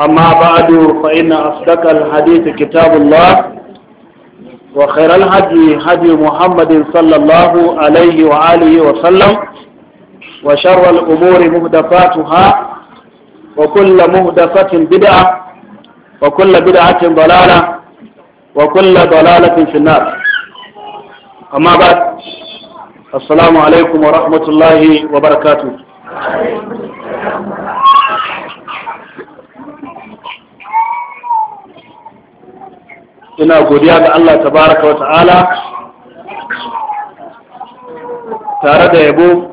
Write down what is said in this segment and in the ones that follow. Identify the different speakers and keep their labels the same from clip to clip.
Speaker 1: أما بعد فإن أصدق الحديث كتاب الله وخير الهدي هدي محمد صلى الله عليه وآله وسلم وشر الأمور مهدفاتها وكل مهدفة بدعة وكل بدعة ضلالة وكل ضلالة في النار أما بعد السلام عليكم ورحمة الله وبركاته
Speaker 2: ina godiya ga Allah
Speaker 1: tabaraka wa ta'ala tare da yabo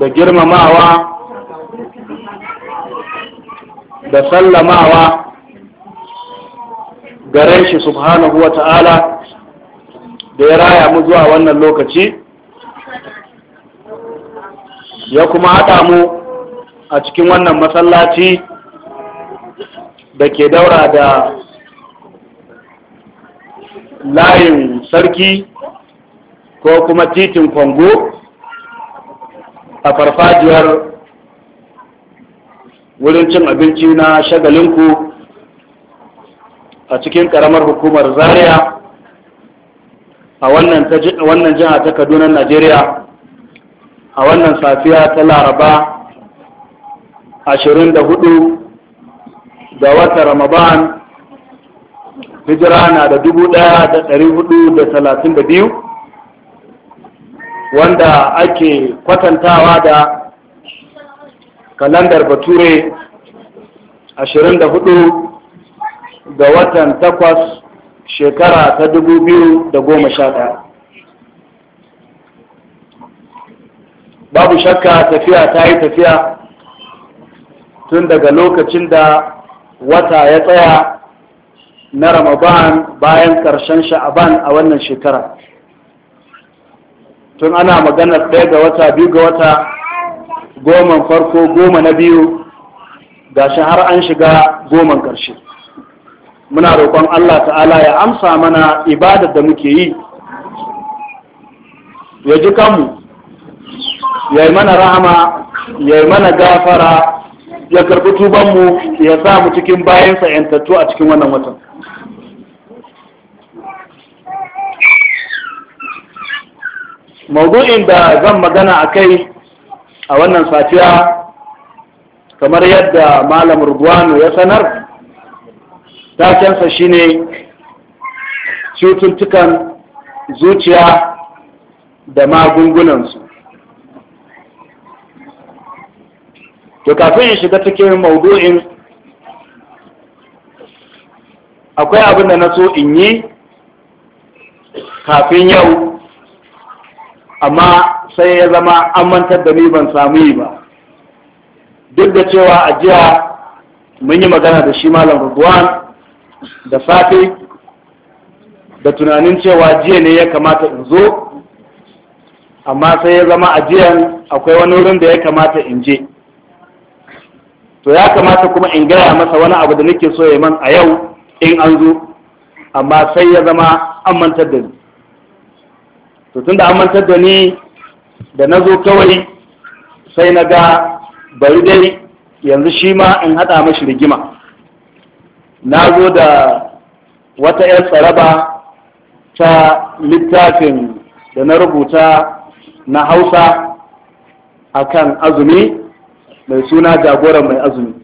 Speaker 1: da girmamawa da sallamawa gare shi subhanahu wa ta'ala da ya raya mu zuwa wannan lokaci ya kuma haɗa mu a cikin wannan masallaci da ke daura da layin sarki ko kuma titin kwango a farfajiyar wurin cin abinci na shagalinku a cikin karamar hukumar zaria a wannan jiha ta kaduna najeriya a wannan safiya ta laraba 24 ga wata ramadan hijira na da dubu ɗaya da ɗari hudu da talatin da biyu wanda ake kwatantawa da kalandar bature ashirin da hudu ga watan takwas shekara ta dubu biyu da goma sha ɗaya babu shakka tafiya ta yi tafiya tun daga lokacin da wata ya tsaya na ramadan bayan karshen sha'aban a wannan shekara tun ana maganar ɗaya ga wata biyu ga wata goman farko goma na biyu gashi har an shiga goma karshe muna roƙon allah ta'ala ya amsa mana ibadar da muke yi ya ji kanmu ya yi mana rahama ya yi mana gafara ya karɓi tubanmu ya sa mu cikin bayansa 'yantattu a cikin wannan watan maudu'in da zan magana a kai a wannan safiya kamar yadda malam rubwano ya sanar takensa shine cututtukan zuciya da magungunansu to kafin in shiga cikin maudu'in akwai abin da na so in yi kafin yau amma sai ya zama an mantar da ni ban samu yi ba duk da cewa a jiya mun yi magana da shi malam rubuwan da safe da tunanin cewa jiya ne ya kamata in zo amma sai ya zama a jiyan akwai wani wurin da ya kamata in je to ya kamata kuma in gaya masa wani abu da nake so ya man a yau in an zo amma sai ya zama an mantar da ni to tun da an da ni da na zo kawai sai na ga bari dai yanzu shi ma in haɗa mashi rigima na zo da wata 'yar tsaraba ta littafin da na rubuta na hausa akan azumi mai suna jagoran mai azumi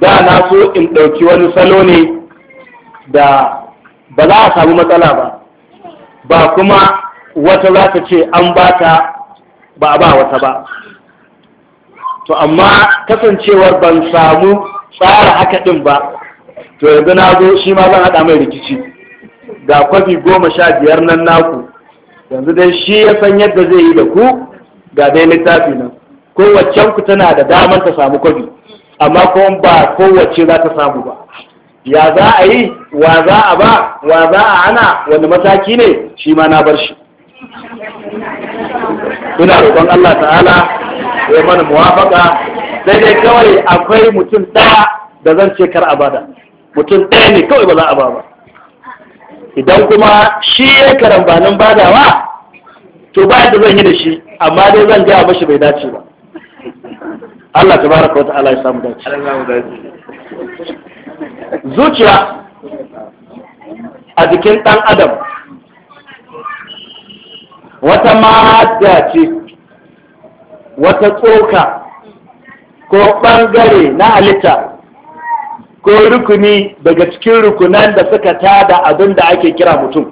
Speaker 1: da na so in ɗauki wani salo ne da ba za a samu matsala ba ba kuma wata za ta ce an ba ta ba a ba wata ba to amma kasancewar ban samu tsara haka ɗin ba to yanzu na zo shi ma zan haɗa mai rikici ga kwafi goma sha biyar nan naku yanzu dai shi ya san yadda zai yi da ku ga dai littafi nan kowaccen ku tana da damar ta samu kwafi amma kuma ba kowace za ta samu ba ya za a yi wa za a ba wa za a ana wani mataki ne shi ma na bar shi ina roƙon Allah ta'ala ya mana muwafaka sai dai kawai akwai mutum ɗaya da zan ce kar a bada mutum ɗaya ne kawai ba za a ba ba idan kuma shi ya karambanin badawa to ba da zan yi da shi amma dai zan gaya mashi bai dace ba Allah ta baraka wata ta'ala ya samu dace zuciya a jikin ɗan adam wata ma'adda ce wata tsoka ko ɓangare na alita ko rukuni daga cikin rukunan da suka tada abin da ake kira mutum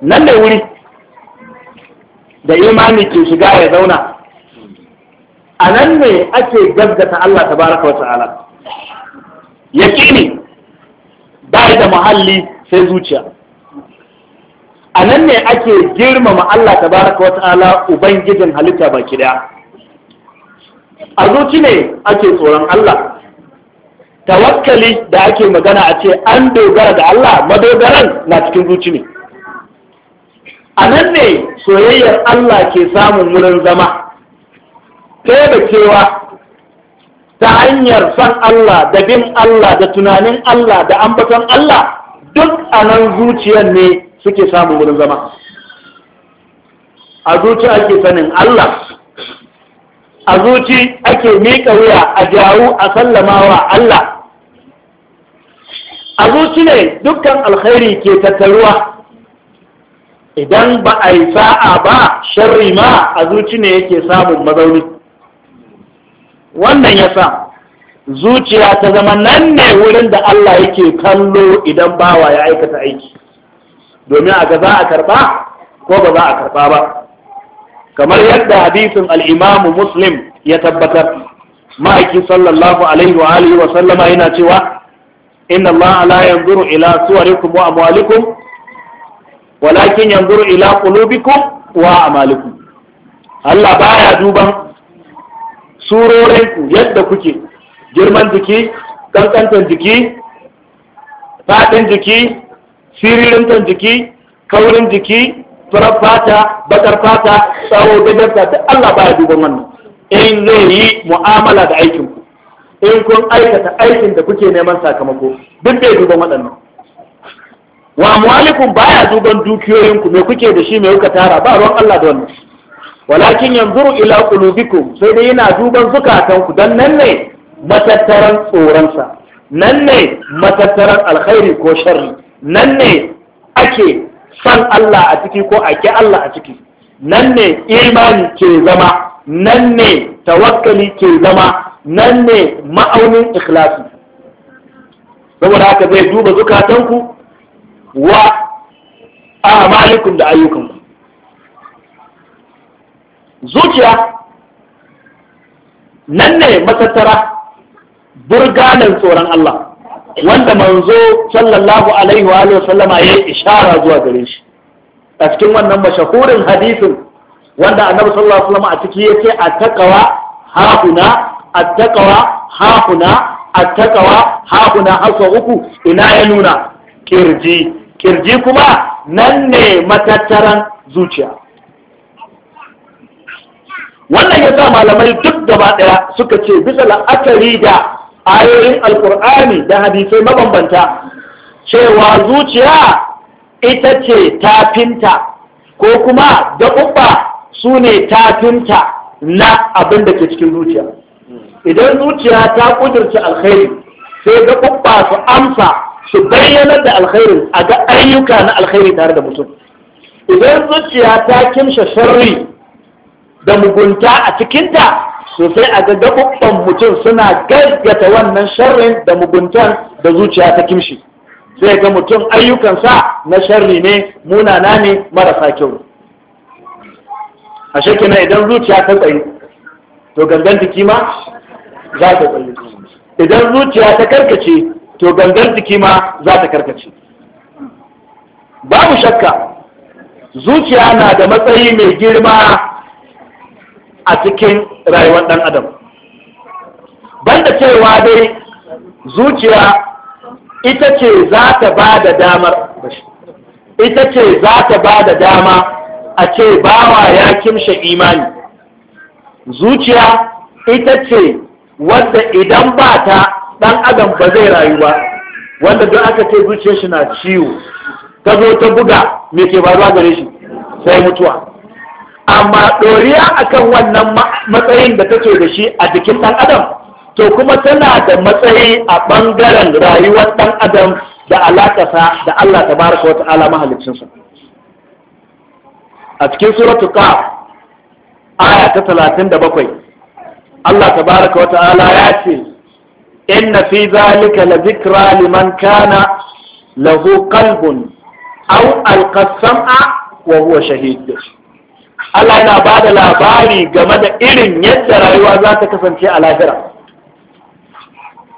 Speaker 1: nan da wuri da imani ke shiga ya zauna a nan ne ake gaggata Allah ta baraka wata ala yaƙini ba da muhalli sai zuciya a nan ne ake girmama Allah ta baraka wa ta'ala ubangijin halitta baki daya a zuci ne ake tsoron Allah tawakkali da ake magana a ce an dogara da Allah madogaran na cikin zuci ne a nan ne soyayyar Allah ke samun wurin zama ta da cewa ta hanyar san Allah da bin Allah da tunanin Allah da ambaton Allah duk a nan zuciyar ne suke samun wurin zama a zuci ake sanin Allah a zuci ake miƙa wuya a jawo a sallamawa Allah a zuci ne dukkan alkhairi ke tattaruwa idan ba a yi sa'a ba sharri ma a zuci ne yake samun mazauni wannan ya sa zuciya ta zama nan ne wurin da Allah yake kallo idan bawa ya aikata aiki domin a ga za a karɓa ko ba za a karɓa ba kamar yadda hadisin al'imamu muslim ya tabbatar ma'aiki sallallahu alaihi wa alihi wa sallama yana cewa inna Allah ala yanzuru ila suwarikum wa amwalikum walakin yanzuru ila qulubikum wa amalikum Allah baya duban surorinku yadda kuke girman jiki kankantan jiki fadin jiki ton jiki kaurin jiki farar fata bakar fata tsawo gajarta duk Allah baya duban wannan in zai yi mu'amala da aikin ku in kun aikata aikin da kuke neman sakamako duk bai duban waɗannan wa mu'alikun baya duban dukiyoyinku ku me kuke da shi me kuka tara ba ruwan Allah da wannan walakin yanzuru ila qulubikum sai dai yana duban zukatan ku dan nan ne matattaran tsoronsa nan ne matattaran alkhairi ko sharri nan ne ake san Allah a ciki ko ake Allah a ciki nan ne imani ke zama nan ne tawakkali ke zama nan ne ma'aunin ikhlasi saboda haka zai duba zukatanku wa amalikun da ayyukanku zuciya nan ne matattara burganan tsoron Allah wanda manzo sallallahu alaihi wa alihi sallama ya ishara zuwa gare shi a cikin wannan mashahurin hadisin wanda annabi sallallahu alaihi wasallam a ciki yace attaqwa hafuna attaqwa hafuna attaqwa hafuna haso uku ina ya nuna kirji kirji kuma nan ne matattaran zuciya wannan ya sa malamai duk gaba daya suka ce bisa la'akari da ayoyin alkur'ani da hadisai mabambanta cewa zuciya ita ce tafinta ko kuma gaɓuɓɓa su ne tafinta na abin da ke cikin zuciya idan zuciya ta ƙudurci alkhairi sai gaɓuɓɓa su amsa su bayyanar da alkhairin a ga ayyuka na alkhairi tare da mutum idan zuciya ta kimsha sharri da mugunta a cikinta sosai a gaggaɓuɓɓen mutum suna gaggata wannan sharrin da muguntan da zuciya ta kimshi sai ga mutum ayyukansa na sharri ne munana ne marasa kyau a shekina idan zuciya ta tsayi to gangan jiki ma za ta tsayi idan zuciya ta karkace to gangan jiki ma za ta karkace babu shakka zuciya na da matsayi mai girma a cikin rayuwar ɗan adam banda cewa dai zuciya ita ce za ta ba da damar ita ce za ta ba da dama a ce bawa ya kimshe imani zuciya ita ce wanda idan ba ta ɗan adam ba zai rayu ba wanda don aka ce zuciyar shi na ciwo ta zo ta buga me ke ba zuwa gare shi sai mutuwa amma ɗoriya akan wannan matsayin da take da shi a jikin ɗan adam to kuma tana da matsayi a ɓangaren rayuwar ɗan adam da alaƙasa da Allah ta baraka wata ala mahalicinsa a cikin suratu ka aya ta talatin da bakwai Allah ta baraka wata ala ya ce fi zalika la لذكرى liman kana lahu قلب au ألقى wa وهو shahidu. Allah yana ba da labari game da irin yadda rayuwa za ta kasance a lahira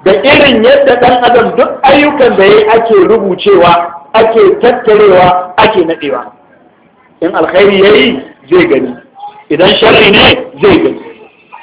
Speaker 1: da irin yadda ɗan adam duk ayyukan da ya ake rubucewa ake tattarewa ake naɗewa in alkhairi ya yi zai gani idan sharri ne zai gani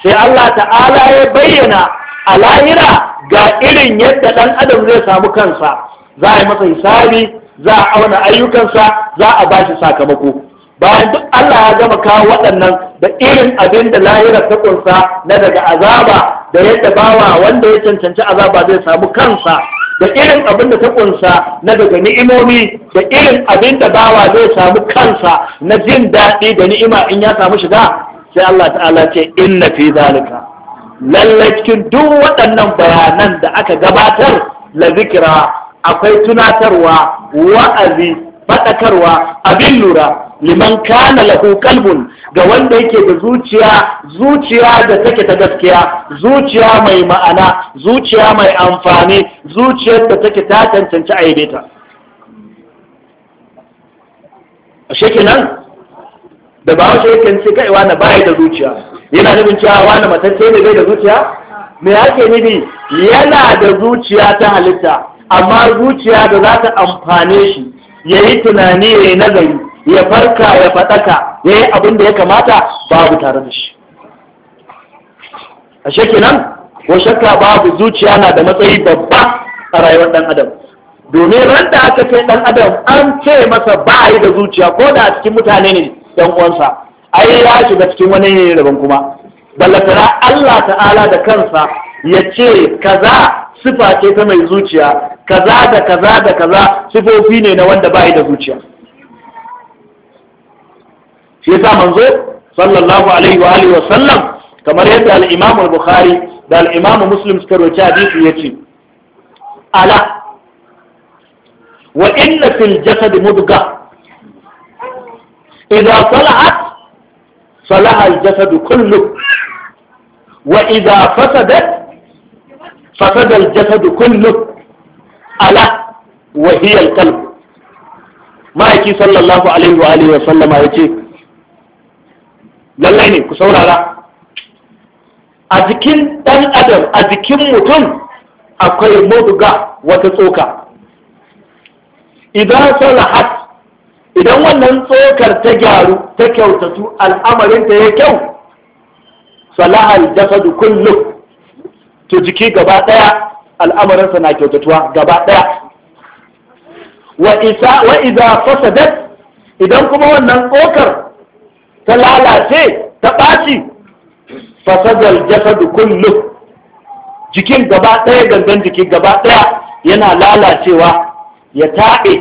Speaker 1: sai Allah ta'ala ya bayyana a lahira ga irin yadda ɗan adam zai samu kansa za a yi masa hisabi za a auna ayyukansa za a ba shi sakamako bayan duk Allah ya gama kawo waɗannan da irin abin da lahira ta kunsa na daga azaba da yadda bawa wanda ya cancanci azaba zai samu kansa da irin abin da ta kunsa na daga ni'imomi da irin abin da bawa zai samu kansa na jin daɗi da ni'ima in ya samu shiga sai Allah ta'ala ce inna fi zalika lallai cikin duk waɗannan bayanan da aka gabatar la zikira akwai tunatarwa wa'azi faɗakarwa abin lura liman kana lahu kalbun ga wanda yake da zuciya zuciya da take ta gaskiya zuciya mai ma'ana zuciya mai amfani zuciyar da take ta cancanci aibeta ashe nan, da ba wace yake ce kai wani bai da zuciya yana nufin cewa wani matacce ne bai da zuciya me yake nufi yana da zuciya ta halitta amma zuciya da za ta amfane shi ya yi tunani ya yi nazari ya farka ya faɗaka ya yi abin da ya kamata babu tare da shi a nan, ko shakka babu zuciya na da matsayi babba a rayuwar ɗan adam domin randa aka kai ɗan adam an ce masa ba a yi da zuciya ko da a cikin mutane ne ɗan uwansa ai ya shiga cikin wani ne daban kuma ballatara Allah ta'ala da kansa ya ce kaza sifa ce ta mai zuciya kaza da kaza da kaza sufofi ne na wanda bai da zuciya shi yasa manzo sallallahu alaihi wa alihi wa sallam kamar yadda al-Imam al-Bukhari da al-Imam Muslim suka rawaita hadisi yace ala wa inna fil jasad mudghah إذا صلحت صلح Wa كله وإذا فسدت فسد الجسد كله ala wa hiya alqalb ma'aiki sallallahu alaihi wa alihi wa sallama yace lallai ne ku saurara a jikin dan adam a jikin mutum akwai muduga wata tsoka idan salahat idan wannan tsokar ta gyaru ta kyautatu al'amarinta ya kyau salahal jasadu kullum to jiki gaba daya al'amarinsa na kyautatuwa gaba ɗaya wa isa wa fasadat idan kuma wannan tsokar ta lalace ta ɓaci fasadal jasadu kullu jikin gaba ɗaya gangan jiki gaba ɗaya yana lalacewa ya taɓe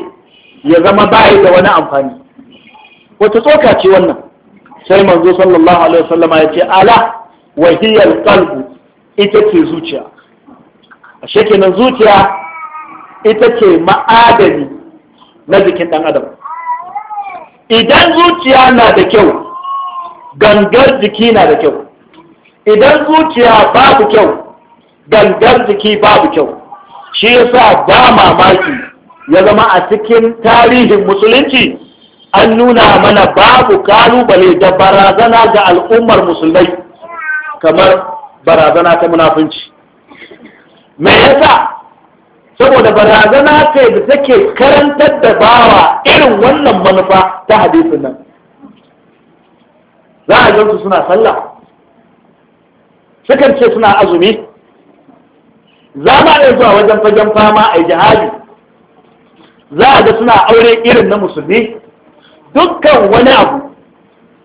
Speaker 1: ya zama bayi da wani amfani wata tsoka ce wannan sai manzo sallallahu alaihi wasallama ya ce ala wahiyar qalbu ita ce zuciya ashe kenan zuciya ita ce ma'adani na jikin ɗan adam idan zuciya na da kyau gangar jiki na da kyau idan zuciya babu kyau gangar jiki babu kyau shi yasa ba mamaki ya zama a cikin tarihin musulunci an nuna mana babu kalubale da barazana ga al'ummar musulmai kamar barazana ta munafunci me yasa saboda barazana ce da take karantar da bawa irin wannan manufa ta hadisin nan za a gansu suna sallah sukan ce suna azumi za ma iya zuwa wajen fagen fama a jihadi za a ga suna aure irin na musulmi dukkan wani abu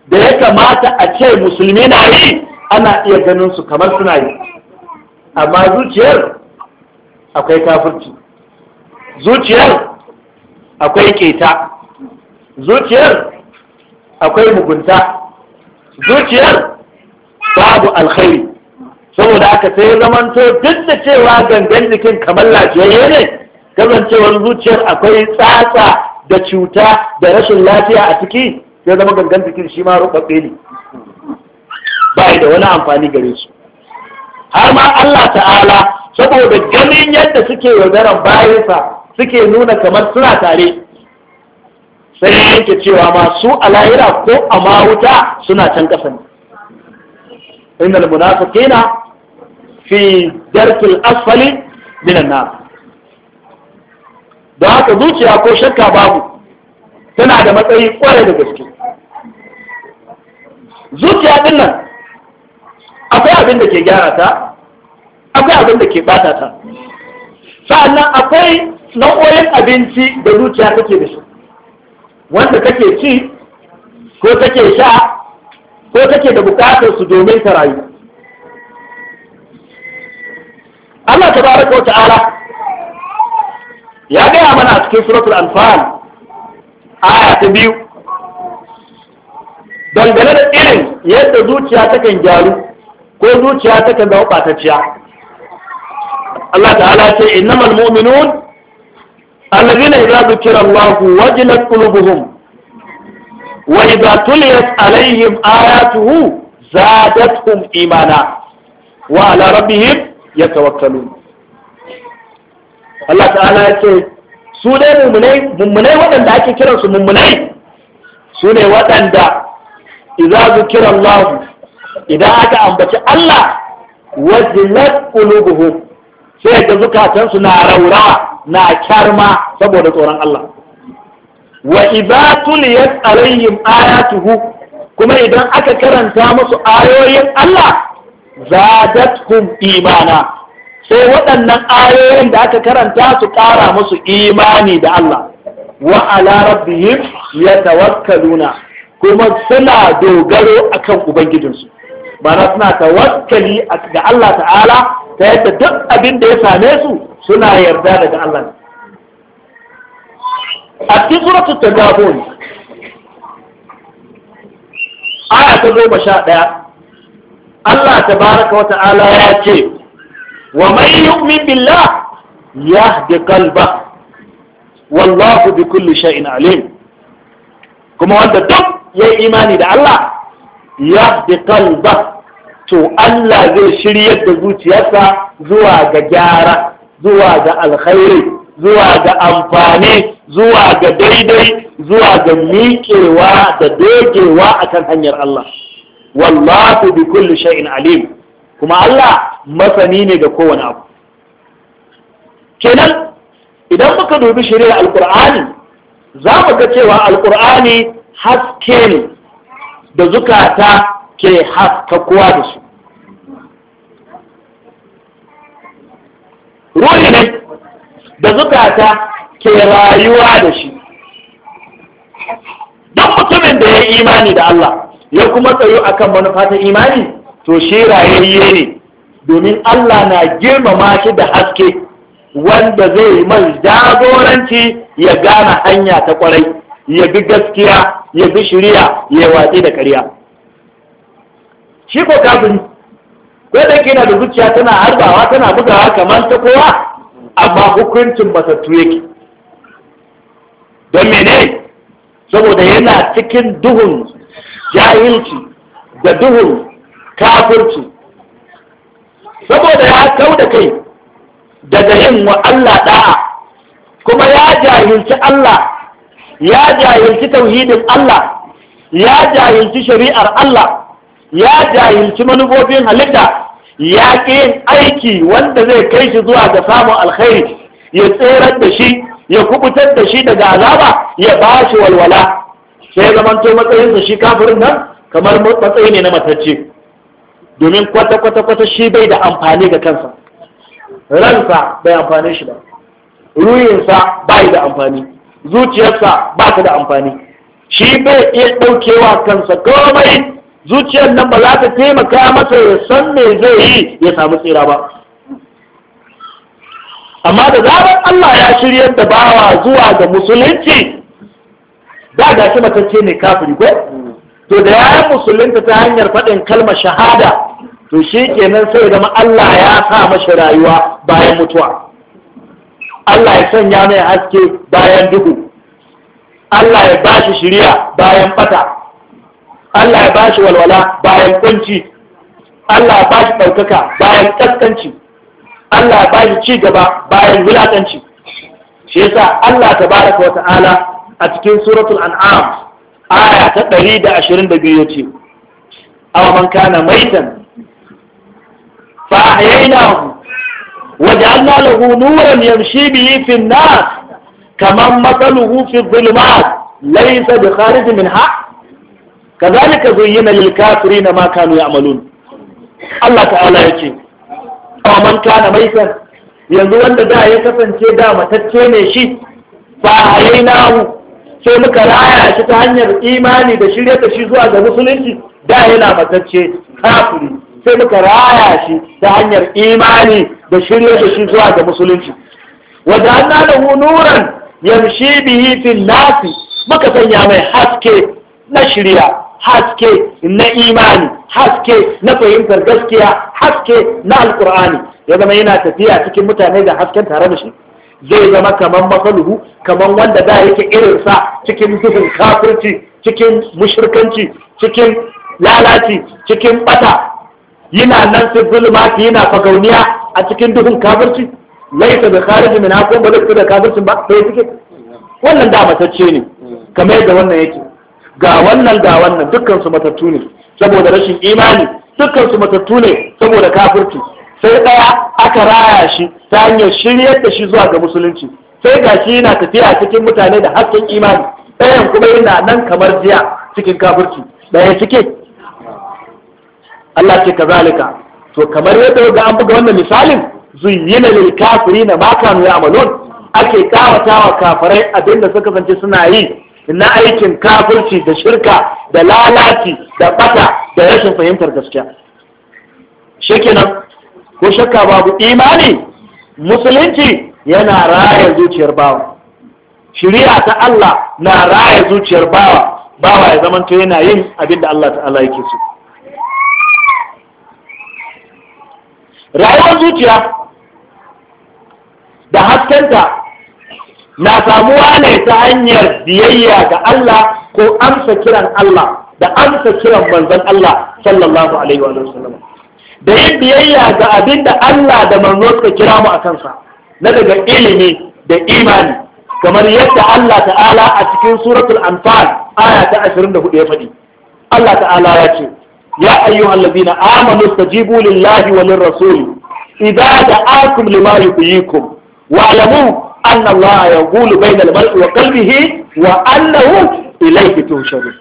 Speaker 1: da ya kamata a ce musulmi na yi ana iya ganin su kamar suna yi amma zuciyar akwai kafirci zuciyar akwai keta zuciyar akwai mugunta zuciyar babu alkhairi saboda aka sai zamanto duk da cewa gangan jikin kamar lafiyayye ne kasancewar zuciyar akwai tsatsa da cuta da rashin lafiya a ciki sai zama gangan jikin shi ma rubabbe ne ba da wani amfani gare su har ma Allah ta'ala saboda ganin yadda suke yaudaran bayansa suke nuna kamar suna tare sai yake cewa masu su ko a mawuta suna can ƙasa ne inda munafiqina fi darkil asfali minan na da haka zuciya ko shakka babu tana da matsayi kwarai da gaske zuciya din akwai abin da ke gyara ta akwai abin da ke bata ta sa'annan akwai nau'o'in abinci da zuciya take da su wanda kake ci ko kake sha ko take da bukatar su domin ta rayu Allah Ta baraka wa ta'ala ya gaya mana a cikin suratul anfal aya ta biyu dangane da irin yadda zuciya takan gyaru ko zuciya takan zama ɓatacciya Allah ta'ala ce innamal mu'minun alladhina idza dhukira Allahu wajilat qulubuhum wa idza tuliyat alaihim ayatuhu zadatuhum imana wa ala rabbihim yatawakkalun Allah ta'ala ya ce su dai mummunai mummunai waɗanda ake kiransu mummunai su ne waɗanda idza dhukira Allahu idan aka ambaci Allah wajilat qulubuhum sai ga zukatansu na raura na kyarma saboda tsoron Allah wa idza tuliyat alaihim ayatuhu kuma idan aka karanta musu ayoyin Allah zadatkum imana sai waɗannan ayoyin da aka karanta su ƙara musu imani da Allah wa ala rabbihim yatawakkaluna kuma suna dogaro akan ubangijinsu ma'ana suna tawakkali ga Allah ta'ala ta yadda duk abin da ya same su suna yarda daga Allah a cikin suratul tadabun aya ta goma sha ɗaya Allah tabaraka wa ta'ala ya ce wa man yu'min billah yahdi qalba wallahu bi kulli shay'in alim kuma wanda duk yayi imani da Allah yahdi qalba to Allah zai shiryar da zuciyarsa zuwa ga gyara zuwa ga alkhairi zuwa ga amfani zuwa ga daidai zuwa ga miƙewa da dogewa akan hanyar Allah wallahu bi kulli shay'in alim kuma Allah masani ne ga kowane abu kenan idan muka dubi shari'ar alqur'ani za mu ga cewa alqur'ani haske ne da zukata ke haskakuwa da su ruhi ne da zukata ke rayuwa da shi Don mutumin da ya yi imani da Allah ya kuma tsayo akan manufa ta imani to shi rayayye ne domin Allah na girmama shi da haske wanda zai yi mai jagoranci ya gane hanya ta kwarai ya bi gaskiya ya bi shirya ya watsi da ƙarya shi ko kafin ko da kina na da zuciya tana harbawa tana bugawa kamar ta kowa amma hukuncin matattu yake don mene saboda yana cikin duhun jahilci da duhun kafirci saboda ya kau da kai daga yin wa Allah da'a kuma ya jahilci Allah ya jahilci tauhidin Allah ya jahilci shari'ar Allah ya jahilci manufofin halitta ya ƙi aiki wanda zai kai shi zuwa ga samun alkhairi ya tserar da shi ya kubutar da shi daga azaba ya ba shi walwala sai zaman to matsayinsa shi kafirin nan kamar matsayi ne na matacce domin kwata-kwata-kwata shi bai da amfani ga kansa ransa bai amfani shi ba Ruyinsa bai da amfani zuciyarsa ba ta da amfani shi bai iya ɗaukewa kansa komai zuciyar nan ba za ta taimaka masa ya san me zai yi ya samu tsira ba amma da zarar Allah ya shirya da bawa zuwa ga musulunci da ga shi matacce ne kafiri ko to da ya musulunta ta hanyar faɗin kalmar shahada to shi kenan sai zama Allah ya sa mashi rayuwa bayan mutuwa Allah ya sanya mai haske bayan duhu Allah ya bashi shirya bayan bata Allah ya bashi walwala bayan kunci Allah ya bashi ɗaukaka bayan kaskanci Allah ya bashi ci gaba bayan wulakanci shi yasa Allah baraka wa ta'ala a cikin suratul an'am aya ta 122 yace aw man kana maitan fa ahyaynahu wa ja'alna lahu nuran yamshi bihi fi an-nas kaman mathaluhu fi adh-dhulumat bi kharij kazalika zuyyina lil na ma kanu ya'malun Allah ta'ala yace aw man kana maitan yanzu wanda da ya kasance da matacce ne shi fa alaynahu sai muka raya shi ta hanyar imani da shirye da shi zuwa ga musulunci da yana matacce kafiri sai muka raya shi ta hanyar imani da shirye da shi zuwa ga musulunci wadda an nana nuran yamshi bihi fil nasi muka sanya mai haske na shirya haske na imani haske na fahimtar gaskiya haske na alkur'ani ya zama yana tafiya cikin mutane da hasken tare da shi zai zama kamar masaluhu kamar wanda da yake irinsa cikin duhun kafirci cikin mushirkanci cikin lalaci cikin bata yana nan su yana fagauniya a cikin duhun kafirci laisa da khariji min hakun ba da kafircin ba sai suke wannan da matacce ne kamar yadda wannan yake ga wannan ga wannan dukkan su matattu ne saboda rashin imani dukkan su matattu ne saboda kafirci sai ɗaya aka raya shi ta hanyar shiryar da shi zuwa ga musulunci sai ga shi yana tafiya cikin mutane da hakkin imani ɗayan kuma yana nan kamar jiya cikin kafirci ɗaya cike Allah ce kazalika to kamar yadda ga an buga wannan misalin zuyyina lil kafirina ma kanu ya'malun ake kawata wa kafirai abinda suka zance suna yi na aikin kafirci da shirka da lalaci da bata da rashin fahimtar gaskiya kenan ko shakka babu imani musulunci yana raya zuciyar bawa Shirya ta Allah na raya zuciyar bawa bawa ya zamanto yana yin abin da Allah ta'ala yake so rayuwar zuciya da haskenta na samuwa ne ta hanyar biyayya ga Allah ko amsa kiran Allah da amsa kiran manzon Allah sallallahu alaihi wa sallam da yin biyayya ga abin da Allah da manzo suka kira mu a kansa na daga ilimi da imani kamar yadda Allah ta'ala a cikin suratul anfal aya ta 24 ya faɗi Allah ta'ala ya ce ya ayyuhal ladina amanu stajibu lillahi wa lirrasul idza da'akum lima yuhyikum wa'lamu أن الله يقول بين المرء وقلبه وأنه إليه تهشرون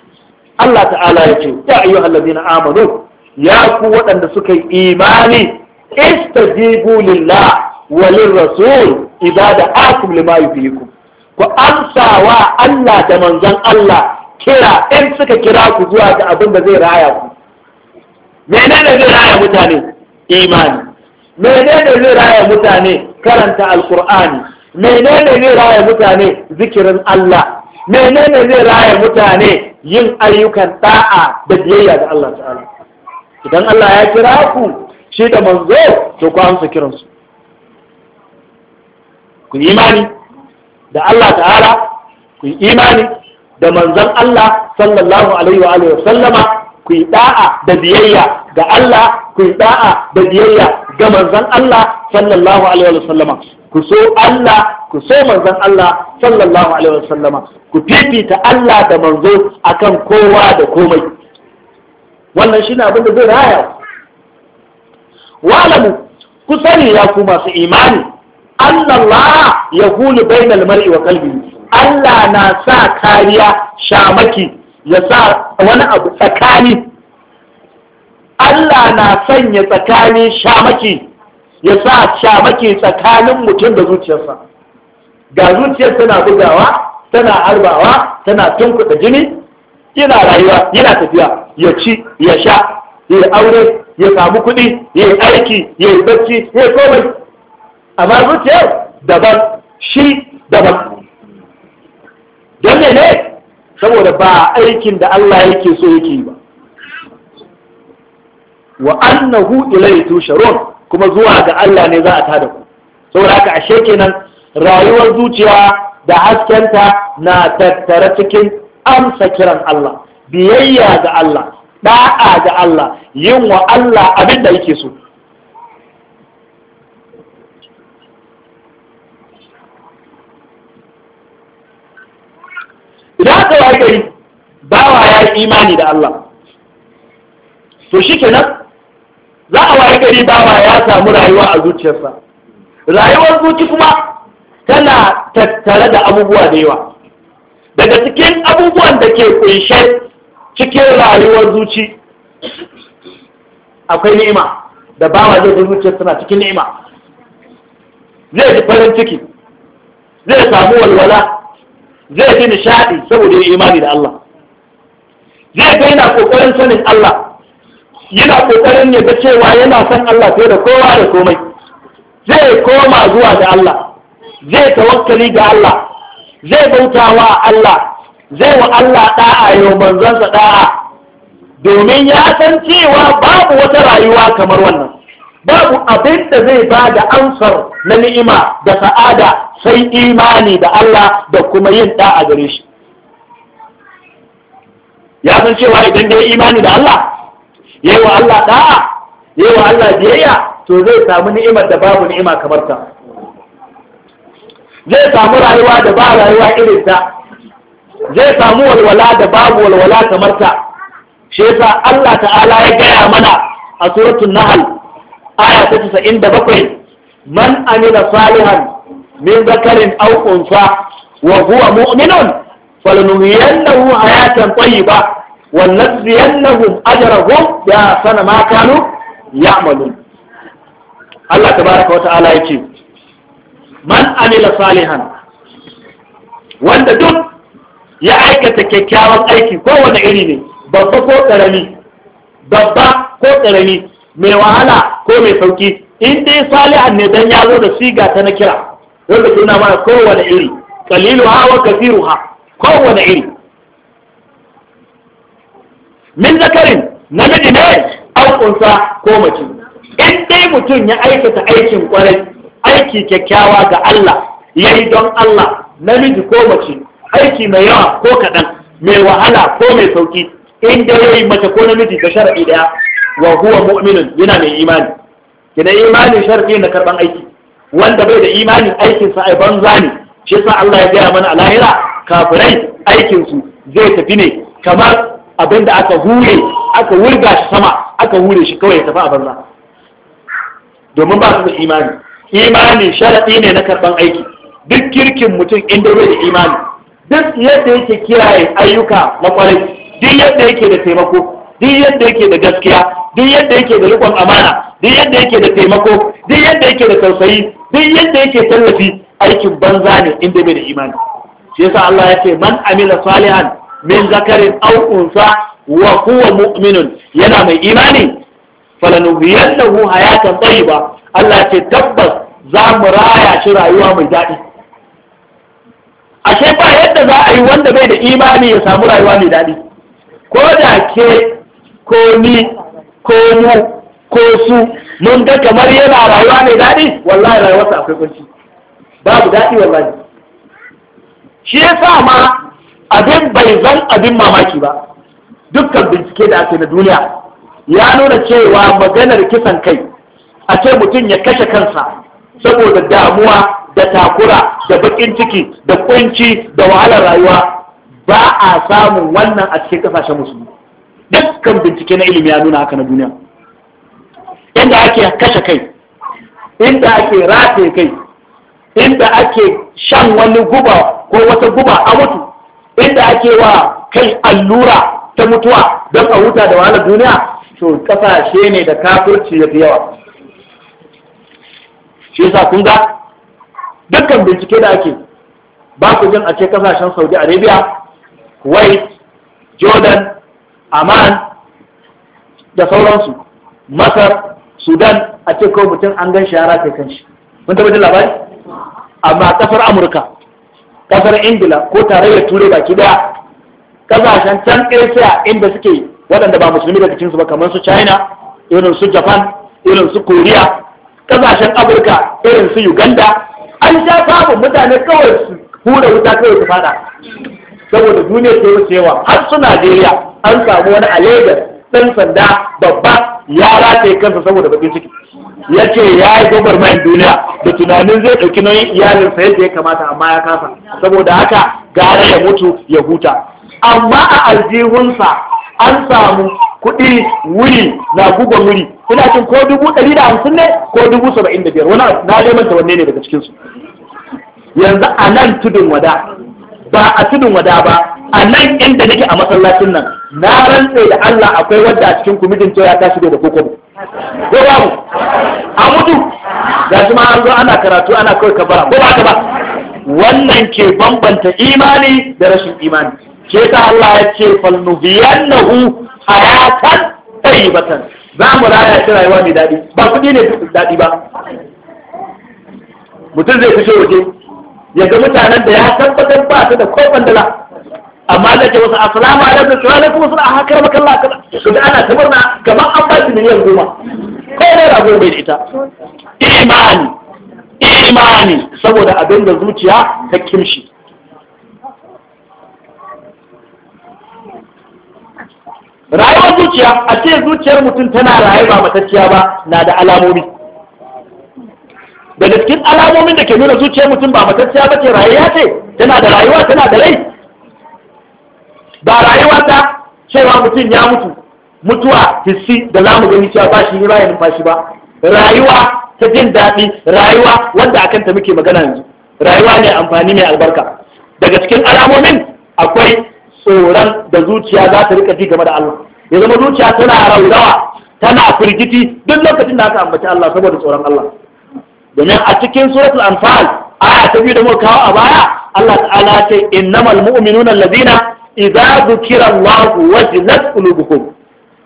Speaker 1: الله تعالى يقول يا أيها الذين آمنوا يا قوة أن سكي إيماني استجيبوا لله وللرسول إذا دعاكم لما يفيكم وأمسى وألا تمنزل الله kira in suka kira ku zuwa ga abin da zai raya ku menene zai raya mutane imani menene zai raya mutane karanta alkur'ani menene zai raya mutane zikirin Allah menene zai raya mutane yin ayyukan da'a da biyayya ga Allah ta'ala idan Allah ya kira ku shi da manzo to ku amsa kiransu ku yi imani da Allah ta'ala ku yi imani da manzon Allah sallallahu alaihi wa alihi sallama ku yi da'a da biyayya ga Allah ku yi da'a da biyayya ga manzon Allah sallallahu alaihi wa sallama ku so Allah ku so manzon Allah sallallahu alaihi wasallama ku fifita Allah da manzo akan kowa da komai wannan shine abin da zai raya wa'lamu ku sani ya ku masu imani Allah ya hulu bainal mar'i wa qalbi Allah na sa kariya shamaki ya sa wani abu tsakani Allah na sanya tsakani shamaki ya sa maki tsakanin mutum da zuciyarsa ga zuciyar tana bugawa tana harbawa tana tunkuɗa jini yana rayuwa yana tafiya ya ci ya sha ya aure ya samu kuɗi ya yi aiki ya yi bacci ya yi komai amma zuciyar daban shi daban don ne saboda ba aikin da Allah yake so yake ba wa annahu ilayhi tusharun kuma zuwa ga Allah ne za a tada ku saboda haka ashe kenan rayuwar zuciya da haskenta na tattara cikin amsa kiran Allah biyayya ga Allah da'a ga Allah yin wa Allah abin da yake so idan aka waye gari bawa ya yi imani da Allah to shi kenan za a waye gari ma ya samu rayuwa a zuciyarsa rayuwar zuci kuma tana tattare da abubuwa da yawa daga cikin abubuwan da ke kunshe cikin rayuwar zuci akwai ni'ima da ba ma zai zuciyar tana cikin ni'ima zai ji farin ciki zai samu walwala zai fi nishaɗi saboda imani da Allah zai kai ƙoƙarin kokarin sanin Allah yana ƙoƙarin ne ta cewa yana son Allah fiye da kowa da komai zai koma zuwa ga Allah zai tawakkali ga Allah zai bautawa Allah zai wa Allah da'a yau manzansa da'a domin ya san cewa babu wata rayuwa kamar wannan babu abin da zai ba da ansar na ni'ima da sa'ada sai imani da Allah da kuma yin da'a gare shi ya san cewa idan da imani da Allah yayi wa Allah da'a yayi wa Allah biyayya to zai samu ni'imar da babu ni'ima kamar ta zai samu rayuwa da ba rayuwa irin ta zai samu walwala da babu walwala kamar ta shi yasa Allah ta'ala ya gaya mana a suratul nahl aya ta 97 man amila salihan min zakarin aw unsa wa huwa mu'minun falanuhyiyannahu hayatan ba. ولنجزينهم أجرهم بأحسن ما كانوا يعملون الله wata وتعالى يجيب Man Amila صالحا wanda duk ya aikata kyakkyawan aiki kowane iri ne babba ko ƙarami babba ko ƙarami mai wahala ko mai sauki in dai salihan ne dan ya zo da siga ta na kira wanda suna mana kowane iri kalilu hawa wa ha iri min zakarin namiji ne au unsa ko mace in dai mutum ya aikata aikin kwarai aiki kyakkyawa ga Allah yayi don Allah namiji ko mace aiki mai yawa ko kaɗan mai wahala ko mai sauki in dai yayi mace ko namiji da sharai daya wa huwa mu'minun yana mai imani kina imanin shar'i na karban aiki wanda bai da imanin aikinsa ai banza ne shi sa Allah ya gaya mana a lahira kafirai aikinsu zai tafi ne kamar abin da aka hure aka wurga shi sama aka hure shi kawai ya tafi a banza domin ba su da imani imani sharaɗi ne na karɓan aiki duk kirkin mutum inda bai da imani duk yadda yake kiraye ayyuka na kwarai duk yadda yake da taimako duk yadda yake da gaskiya duk yadda yake da rikon amana duk yadda yake da taimako duk yadda yake da tausayi duk yadda yake tallafi aikin banza ne inda bai da imani shi yasa Allah ya ce man amila salihan min zakarin aukunsa wa kuwa mu'minun yana mai imani hu hayatan ba. Allah ce tabbas za mu raya shi rayuwa mai daɗi ashe ba yadda za a yi wanda bai da imani ya samu rayuwa mai daɗi ko da ke ko ni ko mu ko su mun ga kamar yana rayuwa mai daɗi wallahi rayuwarsa akwai kunci babu daɗi wallahi shi yasa ma abin bai zan abin mamaki ba dukkan bincike da ake na duniya ya nuna cewa maganar kisan kai a ce mutum ya kashe kansa saboda damuwa da takura da bakin ciki da kunci da wahalar rayuwa ba a samun wannan a cikin kasashen musulmi dukkan bincike na ilimi ya nuna haka na duniya inda ake kashe kai inda ake rataye kai inda ake shan wani guba ko wata guba a mutu inda ake wa kai allura ta mutuwa don a huta da wahalar duniya to kasashe ne da kafirci ya fi yawa shi yasa kun ga dukkan bincike da ake ba ku jin a ce kasashen saudi arabia kuwait jordan amman da sauransu masar sudan a ce kawai mutum an gan shahara kai kan shi mun tabbatar labari amma kasar amurka kasar ingila ko tarayyar turai baki daya kasashen can asia inda suke waɗanda ba musulmi daga cikinsu ba kamar su china irin su japan irin su korea kasashen afirka irin su uganda an sha samun mutane kawai su hura wuta kawai su fada saboda duniya ta yi yawa har su najeriya an samu wani alaga ɗan sanda babba ya rataye kansa saboda bakin ciki ya ce ya yi gwagwarmayin duniya da tunanin zai ɗauki nauyin iyalinsa yadda ya kamata amma ya kasa saboda haka gara ya mutu ya huta amma a aljihunsa an samu kuɗi wuri na guga wuri ina cin ko dubu ɗari da hamsin ne ko dubu saba'in da biyar wani na neman ta wanne ne daga cikinsu yanzu a nan tudun wada ba a tudun wada ba a nan inda nake a masallacin nan na rantse da Allah akwai wadda a cikin ku mijin ya ta shigo da kokobo ko babu a mutu ga an zo ana karatu ana kawai kabara ko ba ba wannan ke bambanta imani da rashin imani ke ta Allah ya ce falnubiyannahu hayatan tayyibatan za mu raya shi rayuwa mai daɗi ba kuɗi ne daɗi ba mutum zai fi waje ya ga mutanen da ya tabbatar ba su da kofan dala. amma da ke wasu assalamu alaikum wa alaikum assalam a haka maka Allah kaza su da ana na kamar an ba shi miliyan goma
Speaker 2: ko ne rago bai da
Speaker 1: ita imani imani saboda abin da zuciya ta kimshi rayuwar zuciya a ce zuciyar mutum tana rayuwa ba matacciya ba na da alamomi da cikin alamomin da ke nuna zuciyar mutum ba matacciya ba ce rayuwa ce tana da rayuwa tana da rai ba rayuwa ta cewa mutum ya mutu mutuwa hissi da za mu gani cewa ba shi ba ya numfashi ba rayuwa ta jin daɗi rayuwa wanda akan ta muke magana yanzu rayuwa ne amfani mai albarka daga cikin alamomin akwai tsoron da zuciya za ta rika ji game da Allah ya zama zuciya tana raunawa tana firgiti duk lokacin da aka ambaci Allah saboda tsoron Allah domin a cikin suratul anfal aya ta biyu da muka kawo a baya Allah ta'ala ce innamal mu'minuna allazina idza dhukira Allah wajilat qulubuhum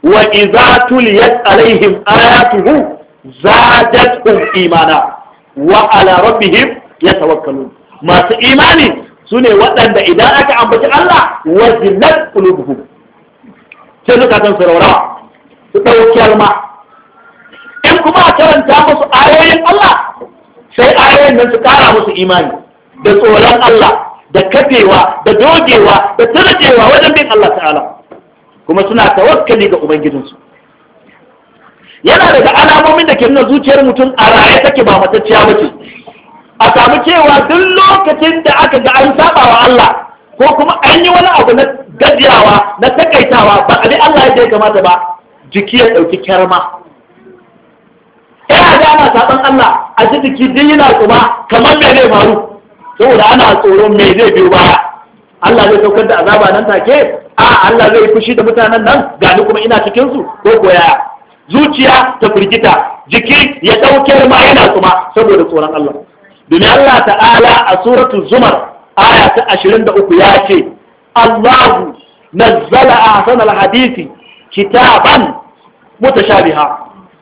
Speaker 1: wa idza tuliyat alaihim ayatuhu zadatuhum imana wa ala ya yatawakkalun masu imani sune waɗanda idan aka ambaci Allah wajilat qulubuhum sai zukatan su raurawa su ɗauki alma in kuma a karanta musu ayoyin Allah sai ayoyin nan su ƙara musu imani da tsoron Allah da kafewa da dogewa da tarajewa wajen bin Allah ta'ala kuma suna tawakkali ga ubangijinsu yana daga alamomin da ke nuna zuciyar mutum a raye take ba matacciya ba ce a samu cewa duk lokacin da aka ga an saba wa Allah ko kuma an yi wani abu na gajiyawa na takaitawa ba a bi Allah yadda ya kamata ba jiki ya ɗauki kyarma ina ga ana saban Allah a ji jiki din yana kuma kamar mene faru saboda ana tsoron me zai biyo baya Allah zai saukar da azaba nan take a Allah zai fushi da mutanen nan ga ni kuma ina cikin su ko koya zuciya ta firgita jiki ya dauke ma yana tsuma saboda tsoron Allah domin Allah ta'ala a suratul zumar aya ta 23 ya ce Allahu nazzala ahsanal hadisi kitaban mutashabiha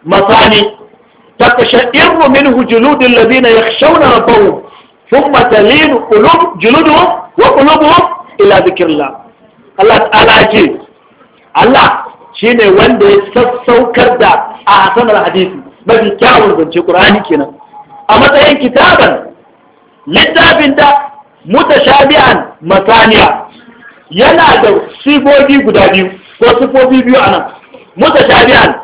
Speaker 1: masani takashairu minhu juludul ladina yakhshawna rabbahum ثم تلين قلوب جلودهم وقلوبهم إلى ذكر الله الله تعالى يجي الله شيني وند يسسوكر دا أحسن الحديث mafi kyawun zance kenan a matsayin kitaban littafin da mutashabi'an mataniya yana da sifofi guda biyu ko sifofi biyu anan mutashabi'an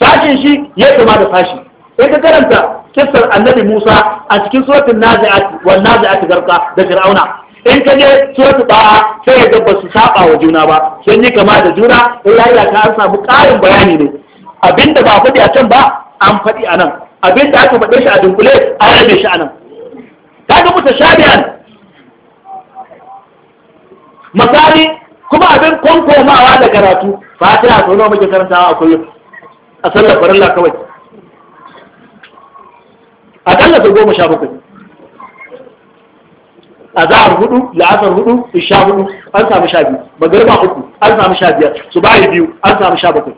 Speaker 1: sashin shi ya zama da sashi sai ka karanta kissar annabi Musa a cikin suratul nazi'at wal nazi'at garka da fir'auna in ka je suratu ba'a sai ga ba su saba wa juna ba sun yi kama da juna Allah ya ka an samu ƙarin bayani ne abinda ba faɗi a can ba an faɗi a nan abinda aka faɗe shi a dunkule a rabe shi a nan ta ga mutu shabiyan kuma abin kwankomawa da karatu fatiha sau nawa muke karantawa a kullum a sallar farilla kawai akalla sau goma sha bakwai a azahar hudu la'asar hudu sha hudu an samu sha biyu magariba uku an samu sha biyar su bayi biyu an samu sha bakwai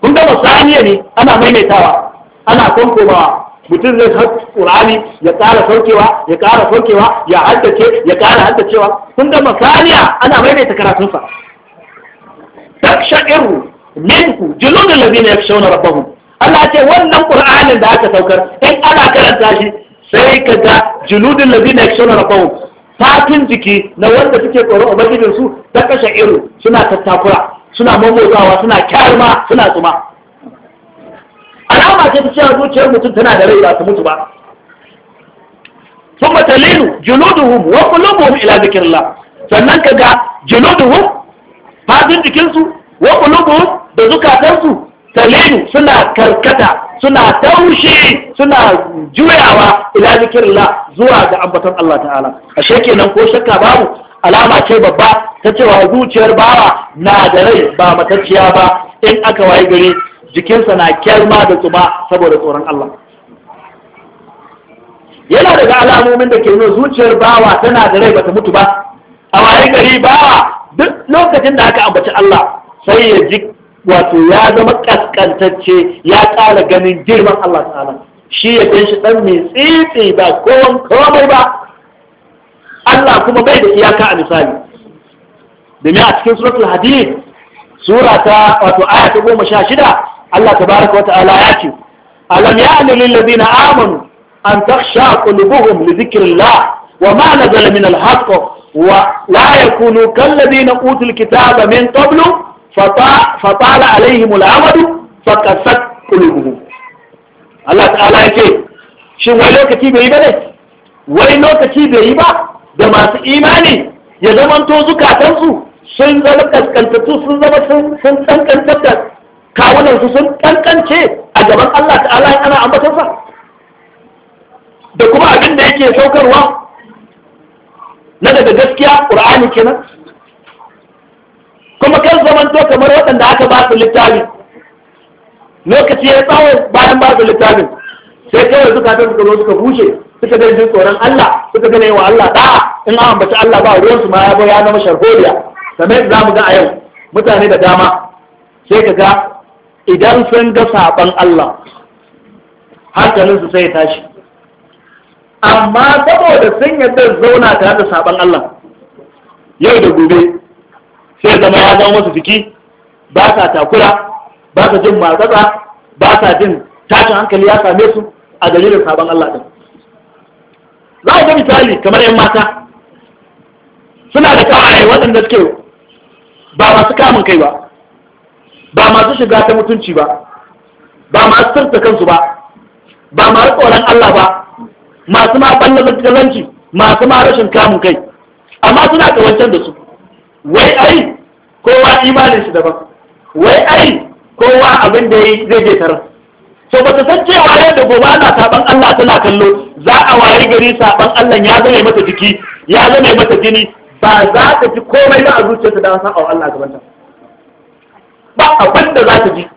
Speaker 1: kun gama saniya ne ana maimaitawa ana konkomawa mutum zai har ƙurani ya ƙara saukewa ya ƙara saukewa ya haddace ya ƙara haddacewa kun gama masaniya ana maimaita karatunsa tak sha'iru minku jilun da lazina ya fi shauna rabbahum Allah ce wannan Qur'anin da aka saukar in ana karanta shi sai ka ga juludul ladina yakshuna rabbahum fatin jiki na wanda suke tsoro bakin su ta kashe iru suna tattakura suna mamozawa suna kyarma suna tsuma alama ce ta cewa zuciyar mutum tana da rai ba su mutu ba ثم تلين جلودهم وقلوبهم الى ذكر الله sannan kaga juluduhum fadin jikinsu wa qulubuhum da zukatansu talilu suna karkata suna taushe suna juyawa ila zikirillah zuwa ga ambaton Allah ta'ala ashe kenan ko shakka babu alama ce babba ta cewa zuciyar bawa na da rai ba matacciya ba in aka waye gari jikinsa na kyarma da tsuba saboda tsoron Allah yana daga alamomin da ke nuna zuciyar bawa tana da rai bata mutu ba a waye gari bawa duk lokacin da aka ambaci Allah sai ya ji wato ya zama kaskantacce ya ƙara ganin girman Allah ta'ala shi ya gan shi ɗan mai tsitsi ba kowan komai ba Allah kuma bai da iyaka a misali domin a cikin suratul hadid sura ta wato aya ta goma sha shida Allah tabaraka wa ta'ala ya ce alam ya'ni lil ladina amanu an takhsha qulubuhum li zikirillah wa ma nazala min al wa la yakunu kal na utul kitaba min qablu fatala alaihim al'amadu fakasat qulubuhum Allah ta'ala yake shin wai lokaci bai yi ba ne wai lokaci bai yi ba da masu imani ya zamanto zukatansu sun zama kaskantattu sun zama sun kankantar da kawunansu sun kankance a gaban Allah ta'ala in ana ambatarsa da kuma abin da yake saukarwa na daga gaskiya ƙur'ani kenan kuma kan to kamar waɗanda aka ba su littafi lokaci ya tsawo bayan ba su littafin sai kawai ta suka zo suka bushe suka ga jin tsoron Allah suka gane wa Allah da in an ambaci Allah ba ruwan su ma ya bo ya zama sharholiya kamar yadda zamu ga a yau mutane da dama sai ka ga idan sun ga saban Allah hankalin su sai ya tashi amma saboda sun yadda zauna tare da saban Allah yau da gobe sai zama ya zama masu jiki ba sa takura ba sa jin matsatsa ba sa jin tashin hankali ya same su a dalilin sabon Allah din za a ga misali kamar yan mata suna da kawaye waɗanda suke ba masu kamun kai ba ba masu shiga ta mutunci ba ba masu tsarta kansu ba ba masu tsoron Allah ba masu ma ɓallar masu ma rashin kamun kai amma suna wancan da su wai ai kowa imanin shi daban wai ai kowa abin da yayi zai je tara, to ba ta san cewa yadda goma gobe ana saban Allah tana kallo za a wayi gari saban Allah ya zame mata jiki ya zame mata jini ba za ta ji komai ba a zuciyarta dan san Allah gaban ta ba abin da za ta ji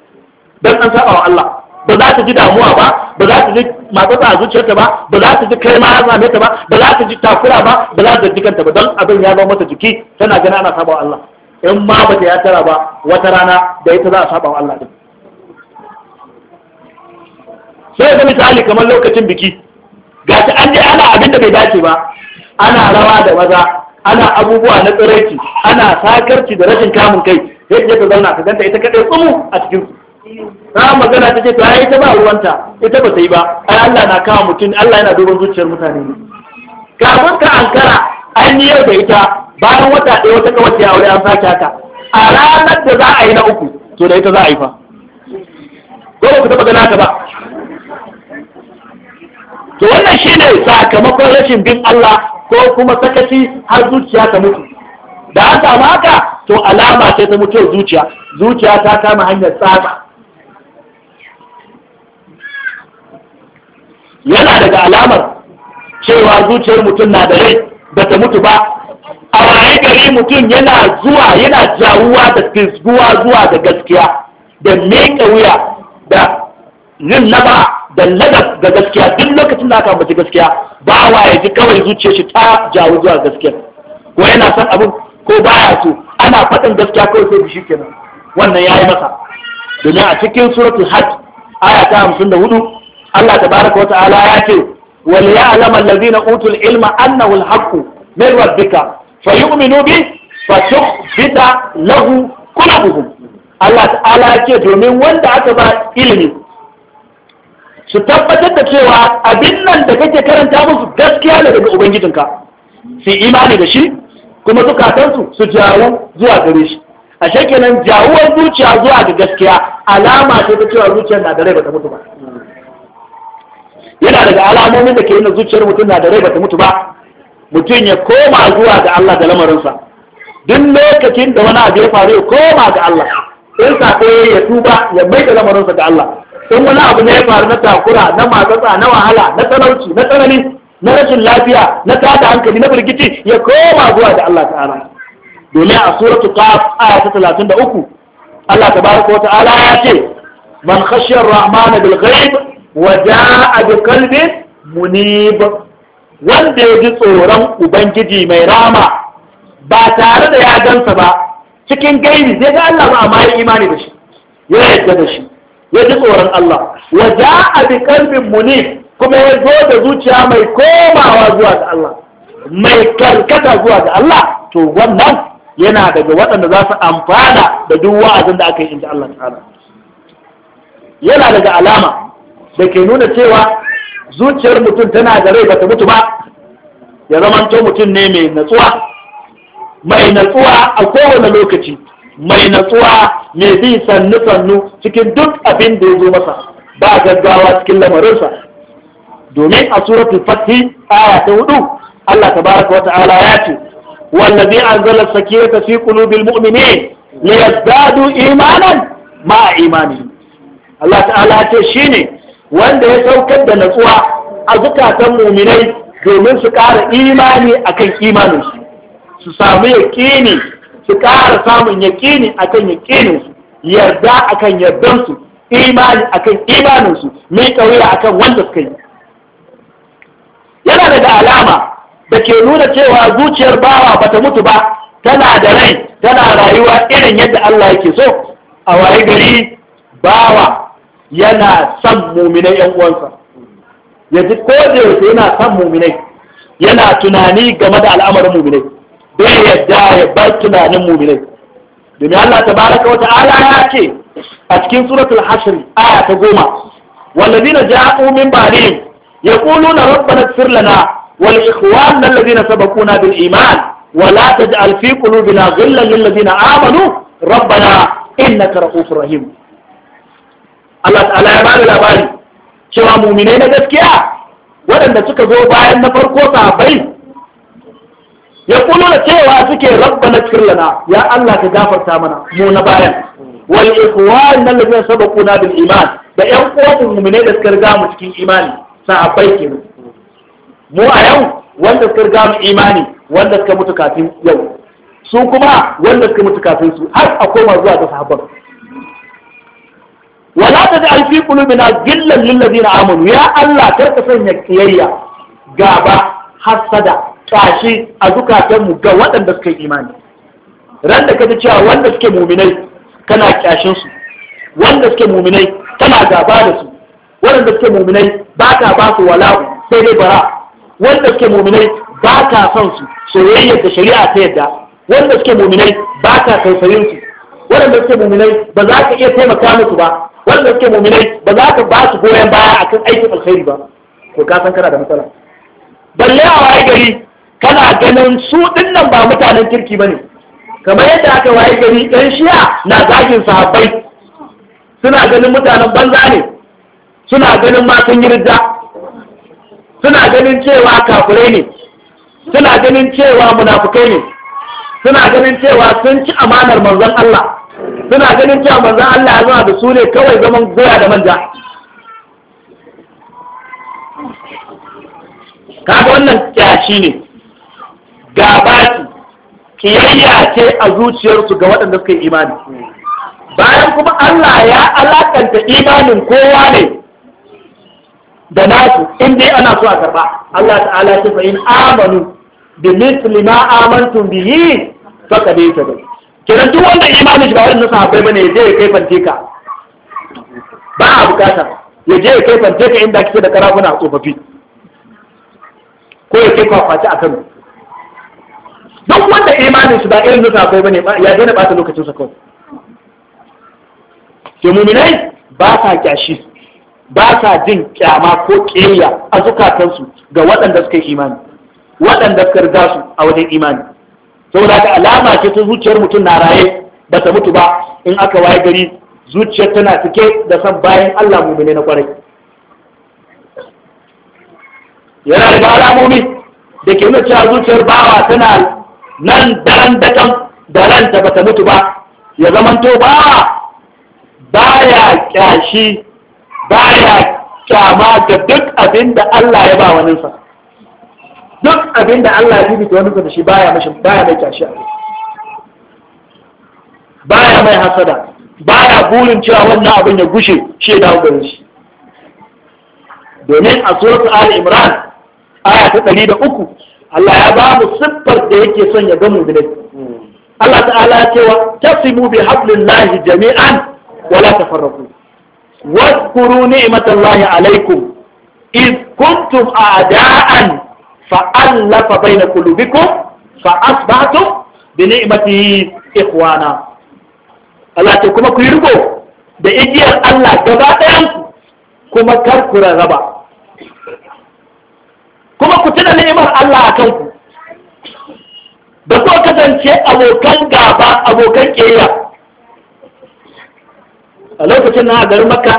Speaker 1: dan an san Allah ba za ta ji damuwa ba ba za ta ji matsatsa a zuciyarta ba ba za ta ji kai ma ya ta ba ba za ta ji takura ba ba za ta ji kanta ba don abin ya zama mata jiki tana gina ana saba Allah in ma ba ta ya tara ba wata rana da ita za a saba Allah din sai ga misali kamar lokacin biki gashi an je ana abin da bai dace ba ana rawa da maza ana abubuwa na tsiraici ana sakarci da rashin kamun kai yadda ta zauna ta ganta ita kadai tsumu a cikin su ta magana ta ce ta yi ta ba ruwanta ita ba ta yi ba ai Allah na kawo mutum Allah yana duban zuciyar mutane ne kafin ka ankara an yi yau da ita bayan wata ɗaya wata kawai ya aure an sake haka a ranar da za a yi na uku to da ita za a yi fa ko ba ku taɓa gana ka ba to wannan shine sakamakon rashin bin Allah ko kuma sakaci har zuciya ta mutu da an samu haka to alama ce ta mutuwar zuciya zuciya ta kama hanyar tsatsa yana daga alamar cewa zuciyar mutum na da rai ba ta mutu ba a waye gari mutum yana zuwa yana jawuwa da fisguwa zuwa da gaskiya da meka wuya da yin naba da lagas ga gaskiya duk lokacin da aka mace gaskiya ba wa ya ji kawai zuciyar shi ta jawo zuwa gaskiya ko yana son abin ko baya so ana faɗin gaskiya kawai sai da kenan wannan ya yi masa domin a cikin suratul hajj aya ta hamsin da hudu Allah tabaraka wata'ala ya ce wal ya'lamu na utul ilma annahu al-haqqu min rabbika fayu'minu bi fatukhbita lahu qulubuhum Allah ta'ala ya ce domin wanda aka ba ilimi su tabbatar da cewa abin nan da kake karanta musu gaskiya ne daga ubangijinka su imani da shi kuma zukatansu su jawo zuwa gare shi a kenan jawuwar zuciya zuwa ga gaskiya alama ce ta cewa zuciyar na da rai ba ta mutu ba yana daga alamomin da ke nuna zuciyar mutum na da rai bata mutu ba mutum ya koma zuwa ga Allah da lamarinsa duk lokacin da wani abu ya faru ya koma ga Allah in sako ya tuba ya bai da lamarinsa ga Allah in wani abu ne ya faru na takura na matsatsa na wahala na talauci na tsanani na rashin lafiya na tada hankali na birgici ya koma zuwa ga Allah ta'ala domin a suratul qaf aya ta 33 Allah tabaraka wa ta'ala ya ce man khashiyar rahmana bil ghaib waja ja'a bi qalbin munib wanda ya ji tsoron ubangiji mai rama ba tare da ya gansa ba cikin gaini zai ga Allah ba amma ya imani da shi ya yarda da shi ya ji tsoron Allah waja ja'a bi qalbin munib kuma ya zo da zuciya mai komawa zuwa ga Allah mai karkata zuwa ga Allah to wannan yana daga waɗanda za su amfana da duk wa'azin da aka yi inda Allah ta'ala yana daga alama da ke nuna cewa zuciyar mutum tana da rai bata mutu ba ya zamanto mutum ne mai natsuwa mai natsuwa a kowane lokaci mai natsuwa mai bi sannu-sannu cikin duk abin da ya zo masa ba gaggawa cikin lamarinsa domin a suratul fathi aya ta hudu Allah tabaraka wa ta'ala ya ce wallazi anzala sakinata fi qulubil mu'minin liyazdadu imanan ma imani Allah ta'ala ya ce shine wanda ya saukar da natsuwa a zukatan muminai domin su ƙara imani akan imaninsu su samu yaƙini su ƙara samun yaƙini akan yaƙininsu yarda akan yardansu imani akan imaninsu mai ƙauya akan wanda suka yi yana daga alama da ke nuna cewa zuciyar bawa ba ta mutu ba tana da rai tana rayuwa irin yadda Allah yake so a waye gari bawa yana san muminai yan uwansa ya ji ko da yake yana san muminai yana tunani game da al'amarin muminai don ya yadda ya bar tunanin muminai domin Allah ta baraka wata ala ya ce a cikin suratul hashr aya ta goma walladina ja'u min ba'dihim na, rabbana ighfir lana wal ikhwana alladhina sabaquna bil iman ولا تجعل في قلوبنا غلا للذين امنوا ربنا انك رؤوف رحيم Allah ta'ala ya bada labari cewa muminai na gaskiya waɗanda suka zo bayan na farko sahabbai ya kulo cewa suke rabba na kirlana ya Allah ka gafarta mana mu na bayan wal ikhwan nan sababu na bil iman da ƴan uwan muminai da suka riga mu cikin imani sahabbai ke mu a yau wanda suka riga mu imani wanda suka mutu kafin yau su kuma wanda suka mutu kafin su har a koma zuwa ga sahabar. wala ta da alfi qulubina gillan lil ladina amanu ya Allah kar ka sanya kiyayya gaba hasada tashi a zukatanmu ga waɗanda suka yi imani ran da ka ji cewa wanda suke muminai kana kyashin su wanda suke muminai kana gaba da su wanda suke muminai ba ka ba su wala'u sai dai bara wanda suke muminai ba ka son su soyayyar da shari'a ta yadda wanda suke muminai ba ka tausayin su wanda suke muminai ba za ka iya taimaka musu ba wanda suke muminai ba za ka ba su goyon baya akan aikin alkhairi ba to ka san kana da matsala balle a waye gari kana ganin su din ba mutanen kirki ne? kamar yadda aka waye gari ɗan shiya na zagin sahabbai suna ganin mutanen banza ne suna ganin matan girda suna ganin cewa kafurai ne suna ganin cewa munafukai ne suna ganin cewa sun ci amanar manzon Allah suna ganin cewa manzan Allah ya zama da su ne kawai zaman goya da manja kaga wannan kyashi ne ga gaba kiyayya ce a zuciyarsu ga waɗanda suka yi imani bayan kuma Allah ya alakanta imanin kowa ne da nasu in dai ana so a karba Allah ta'ala ce fa in amanu bi misli ma amantum bihi faqad ihtadaw kenan duk wanda imamu shi ba nasa sahabbai bane ya je ya kai fante ka ba a bukata ya je ya kai fante ka inda kike da karafuna tsofaffi ko ya kai kwakwaci a Kano duk wanda imanin shi ba irin nasa sahabbai bane ya na bata lokacin sa kawai ke muminai ba sa kyashi ba sa jin kyama ko ƙeya a zukatansu ga waɗanda suka yi imani waɗanda suka riga su a wajen imani saboda ka alama ce ta zuciyar mutum na raye ba ta mutu ba in aka waye gari zuciyar tana cike da san bayan Allah mumine na kwarai yana daga alamomi da ke nuna cewa zuciyar bawa tana nan daren datan da ranta ba ta mutu ba ya zamanto ba, baya kyashi baya kyama da duk abin da Allah ya ba waninsa. duk abin da Allah ya ta wani da shi baya mashi baya mai kyashi a baya mai hasada baya burin cewa wannan abin ya gushe shi ya dawo garin shi domin a suratul ali imran aya ta 103 Allah ya ba mu siffar da yake son ya ga mu da Allah ta'ala ya cewa tasimu bi hablillahi jami'an wa la tafarraqu kuruni نعمة lahi alaikum. إذ ada'an da'an. fa'allafa baina fa'as ba asbahtum bi ni'matihi ikhwana Allah ce kuma ku yi rigo da igiyar Allah gaba ɗayan ku kuma kar ku raba. kuma ku tuna ni'imar Allah a kanku da kuka kasance abokan gaba abokan ƙeya a lokacin na garin makka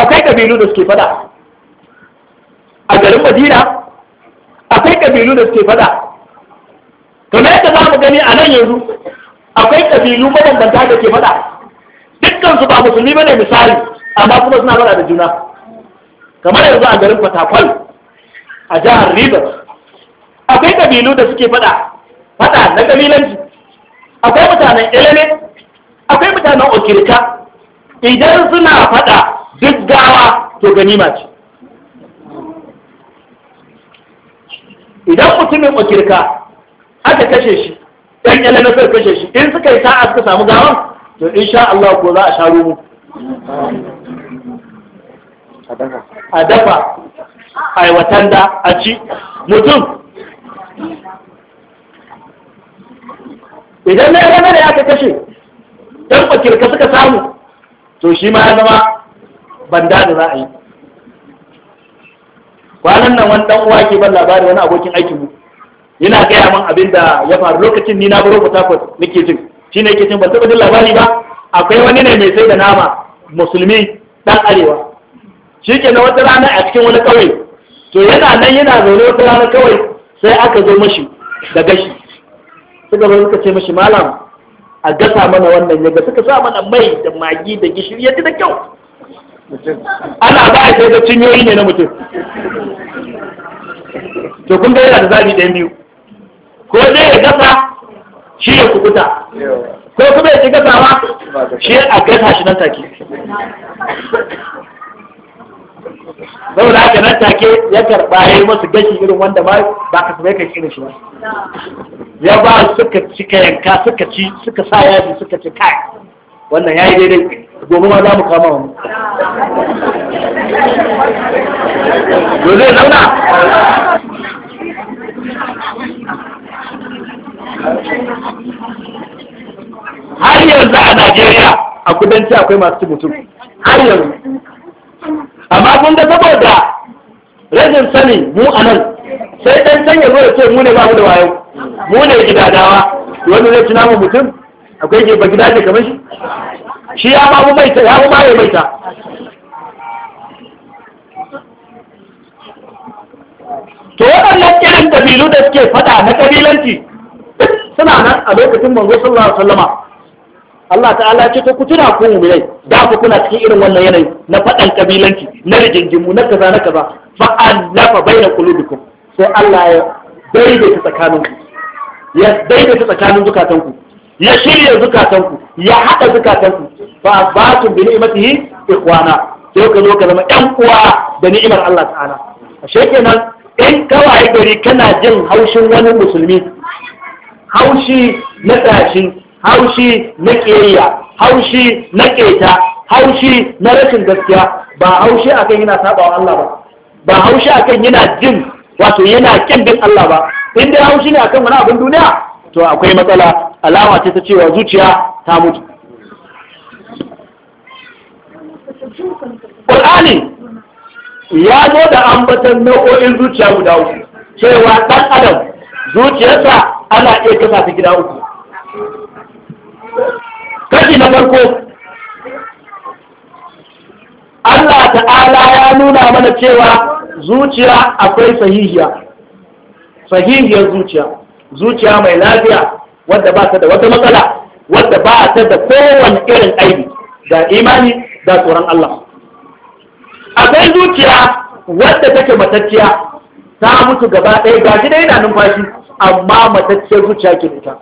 Speaker 1: akwai ƙabilu da suke fada a garin madina akwai kabilu da suke fada kamar yadda za mu gani a nan yanzu akwai kabilu mabambanta da ke fada dukkan su ba musulmi bane misali amma kuma suna fada da juna kamar yanzu a garin fatakwal a jihar rivers akwai kabilu da suke fada fada na kabilanci akwai mutanen elele akwai mutanen okirka idan suna fada duk gawa to ganima ce idan mutumin makirka aka kashe shi ɗan yalan na kashe shi in suka yi sa'a suka samu gawan to in sha Allah ko za a sha rumu a dafa a yi a ci mutum idan na yalan da aka kashe ɗan makirka suka samu to shi ma ya zama banda da za a yi kwanan nan wani dan uwa ke ban labari wani abokin aikin mu yana gaya min abin da ya faru lokacin ni na baro Port nake jin shi ne yake cin ban taɓa jin labari ba akwai wani ne mai sai da nama musulmi dan arewa shi ke na wata rana a cikin wani ƙauye to yana nan yana zaune wata rana kawai sai aka zo mashi da gashi suka zo suka ce mashi malam a gasa mana wannan yaga suka sa mana mai da magi da gishiri ya ji da kyau ana ba a sai ga cinyoyi ne na mutum to kun ga yana da zabi ɗayan biyu ko dai ya gasa shi ya kukuta ko kuma ya ci gasawa shi a gasa shi nan take saboda haka nan take ya karɓa ya yi masu gashi irin wanda ba ba ka sabai kai irin shi ba ya ba suka cika yanka suka ci suka sa yaji suka ci kai wannan ya yi daidai gobe ma za mu kama wani to zai zauna har yanzu a najeriya a kudanci akwai masu mutum har yanzu amma kun da saboda rajin sani mu a nan sai ɗan can ya zo ce mu ne ba mu da wayo mu ne gidadawa wani zai tunama mutum akwai ke ba gida ne kamar shi shi ya ma mai ta ya ma mai ta waɗannan irin kabilu da suke faɗa na kabilanci suna nan a lokacin manzo sallallahu alaihi wasallama Allah ta'ala ya ce ku tuna ku da ku kuna cikin irin wannan yanayi na faɗan kabilanci na rigingimu na kaza na kaza fa allafa baina qulubikum sai Allah ya daidaita tsakaninku ya daidaita tsakanin zukatanku ya shirya zukatanku ya haɗa zukatanku fa batu bi ni'matihi ikhwana sai ka zo ka zama 'yan uwa da ni'imar Allah ta'ala ashe kenan in kawai gari kana jin haushin wani musulmi haushi na tashi haushi na ƙiyayya haushi na ƙeta haushi na rashin gaskiya ba haushi akan yana saba wa Allah ba ba haushi akan yana jin wato yana ƙin bin Allah ba in dai haushi ne akan wani abin duniya to akwai matsala alama ce ta cewa zuciya ta mutu Qur'ani ya zo da ambatan nau'o'in zuciya guda uku cewa ɗan adam zuciyarsa ana iya kasa ta gida uku kashi na farko Allah ta'ala ya nuna mana cewa zuciya akwai sahihiya sahihiyar zuciya zuciya mai lafiya wadda ba ta da wata matsala wadda ba ta da kowane irin aibi da imani da tsoron Allah akwai zuciya wadda take matacciya ta mutu gaba ɗaya ga shi dai numfashi amma matacciyar zuciya ke fita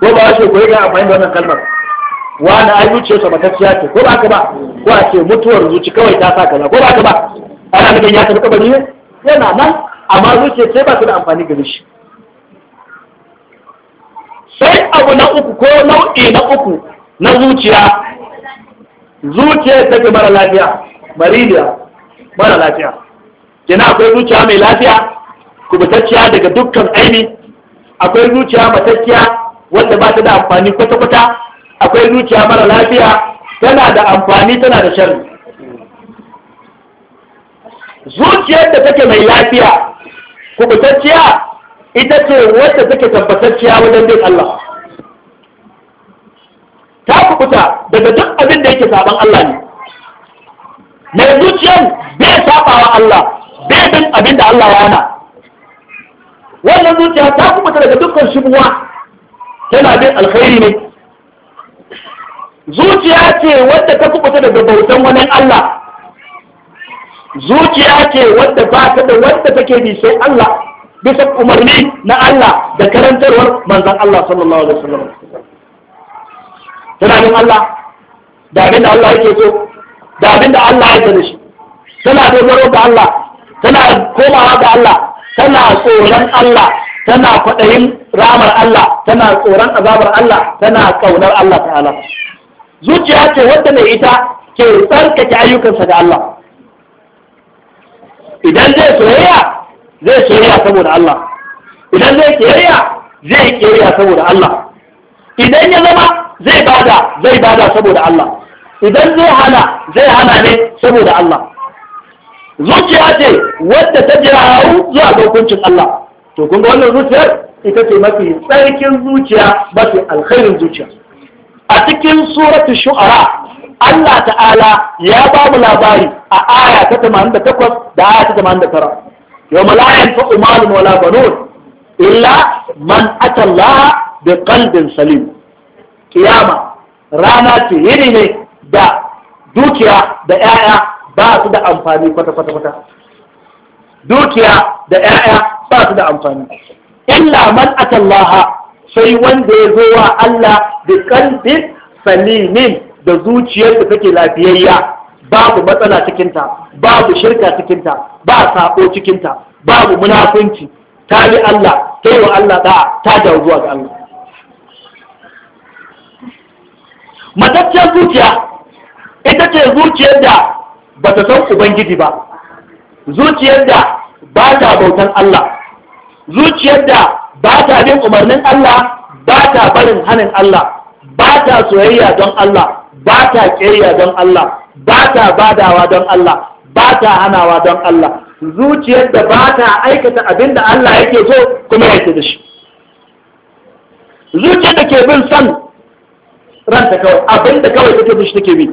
Speaker 1: ko ba shi koyi ga amfani da wannan kalmar wa wani ayi zuciyarsa matacciya ce ko ba ka ba ko a ce mutuwar zuci kawai ta sa kaza ko ba ka ba ana nufin ya tafi kabari ne yana nan amma zuciya sai ba su da amfani gare shi sai abu na uku ko nau'i na uku na zuciya zuciya ke mara lafiya maridiya mara lafiya kina akwai zuciya mai lafiya kubutacciya daga dukkan aini akwai zuciya matacciya wanda ba ta da amfani kwata-kwata akwai zuciya mara lafiya tana da amfani tana da sharri zuciyar da take mai lafiya kubutacciya ita ce wadda take tabbatacciya wajen bin Allah ta kubuta daga duk abin da yake saban Allah ne mai zuciyar bai sabawa Allah bai bin abin da Allah yana wannan zuciya ta kubuta daga dukkan shubuwa tana bin alkhairi ne zuciya ce wadda ta kubuta daga bautan wani Allah zuciya ce wadda ba ta da wadda take bi sai Allah bisa umarni na Allah da karantarwar manzon Allah sallallahu alaihi wasallam tana Allah da abin da Allah yake so da abin da Allah yake da shi tana dogaro da Allah tana komawa da Allah tana tsoron Allah tana kwaɗayin ramar Allah tana tsoron azabar Allah tana ƙaunar Allah ta'ala zuciya ce wadda mai ita ke tsarkake ayyukansa da Allah idan zai soyayya zai soyayya saboda Allah idan zai kiyayya zai kiyayya saboda Allah idan ya zama zai bada zai bada saboda Allah idan zai hana zai hana ne saboda Allah zuciya ce wadda ta jirawo zuwa ga hukuncin Allah to kun ga wannan zuciyar ita ce mafi tsarkin zuciya mafi alkhairin zuciya a cikin suratul shu'ara Allah ta'ala ya ba mu labari a aya ta 88 da aya ta 89 yawma la yanfa'u malun wala banun illa man ata Allah salim kiyama rana ce yini ne da dukiya da 'ya'ya ba su da amfani kwata-kwata dukiya da 'ya'ya ba su da amfani illa man atallaha sai wanda ya zo wa Allah da kalbin salimin da zuciyar da take lafiyayya babu matsala cikinta babu shirka cikinta ba sabo cikinta babu munafunci ta yi Allah ta yi wa Allah da ta jawo zuwa ga Allah mataccen zuciya ita ce zuciyar da ba ta san ubangiji ba zuciyar da ba ta bautan Allah zuciyar da ba ta bin umarnin Allah ba ta barin hanin Allah ba ta soyayya don Allah ba ta ƙiyayya don Allah ba ta badawa don Allah ba ta hanawa don Allah zuciyar da ba ta aikata abin da Allah yake so kuma yake da shi zuciyar da ke bin son ranta kawai abinda kawai take fushi take bi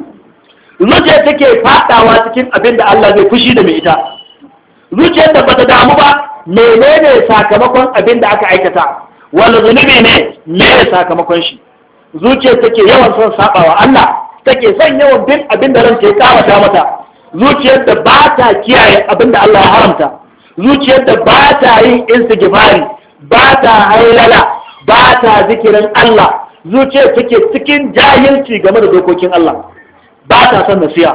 Speaker 1: zuciya take fadawa cikin abinda Allah zai fushi da mai ita zuciyar da bata damu ba menene sakamakon abin da aka aikata wala zunubi ne me sakamakon shi zuciyar take yawan son sabawa Allah take son yawan bin abinda ranta ya kawata mata zuciyar da bata ta kiyaye abinda Allah ya haramta zuciyar da bata ta yin istighfari ba ta hailala ba zikirin Allah zuciya take cikin jahilci game da dokokin Allah ba ta son nasiha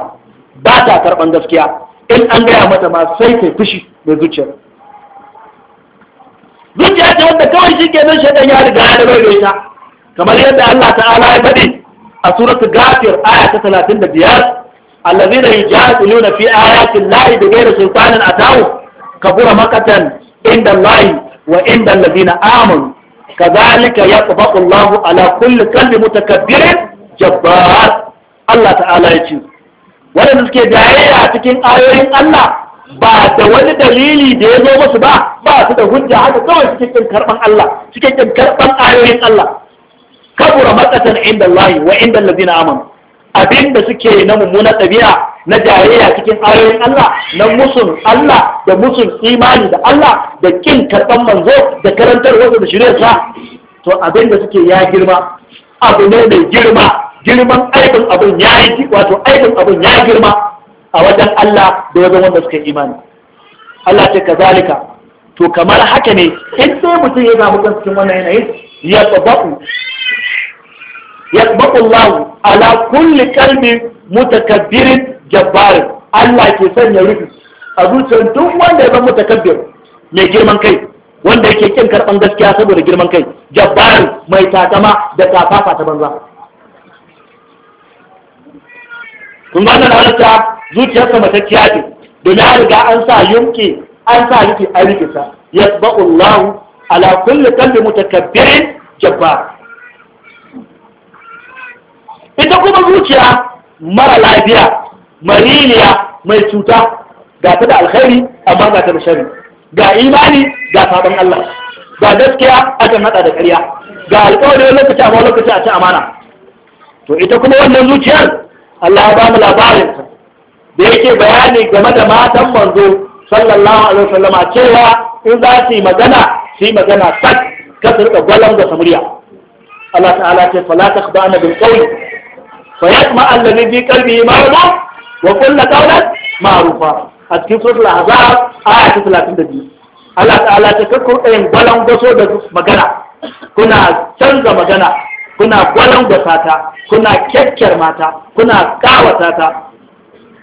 Speaker 1: ba ta karban gaskiya in an gaya mata ma sai ta fushi da zuciyar zuciya ce wanda kawai shi kenan shaidan ya riga ya rabe ta kamar yadda Allah ta'ala ya faɗi a suratul ghafir aya ta 35 الذين يجادلون lahi آيات الله بغير سلطان أتاهم كبر مقتا lahi wa وعند الذين آمنوا kazalika yaqbaqu Allahu ala kulli qalbi mutakabbirin jabbar Allah ta'ala ya ce waɗanda suke jayayya a cikin ayoyin Allah ba da wani dalili da ya zo musu ba ba su da hujja haka kawai suke kin karban Allah suke kin karban ayoyin Allah kabura matsatan inda Allah wa inda allazina amanu abin da suke na mummunan ɗabi'a na jayayya cikin ayoyin Allah na musun Allah da musun imani da Allah da kin karɓar manzo da karantar wasu da shirinsa to abin da suke ya girma abu ne mai girma girman aibin abin ya yi wato aibin abin ya girma a wajen Allah da wajen wanda suka imani Allah ce zalika to kamar haka ne in sai mutum ya zama kan cikin wannan yanayin ya tsabaku yasbaqu Allah ala kulli kalbin mutakabbirin jabbarin Allah ke sanya rufi a zuciyar duk wanda ya zama mutakabbir mai girman kai wanda yake kin karban gaskiya saboda girman kai jabbarin mai takama da kafafa ta banza kun ga nan halatta zuciyarsa matacciya ce da an riga an sa yunki an sa yake an rike sa yasbaqu Allah ala kulli kalbin mutakabbirin jabbar ita kuma zuciya mara lafiya mariniya mai cuta ga ta da alkhairi amma ga ta da shari ga imani ga sabon Allah ga gaskiya a kan hada da ƙarya ga alƙawarin lokaci amma lokaci a ci amana to ita kuma wannan zuciyar Allah ya bamu labarin ta da yake bayani game da matan manzo sallallahu alaihi wasallama cewa in za su yi magana su yi magana sak ka su rika gwalam da samuriya Allah ta'ala ce fala takhda'na bil qawli fa yasma allazi fi qalbihi marad wa kullu qawlan ma'rufa a cikin suratul ahzab aya ta 32 Allah ta'ala ta kakkur ɗayan gwalangwaso da magana kuna canza magana kuna gwalangwasa kuna kyakkyar mata kuna kawata ta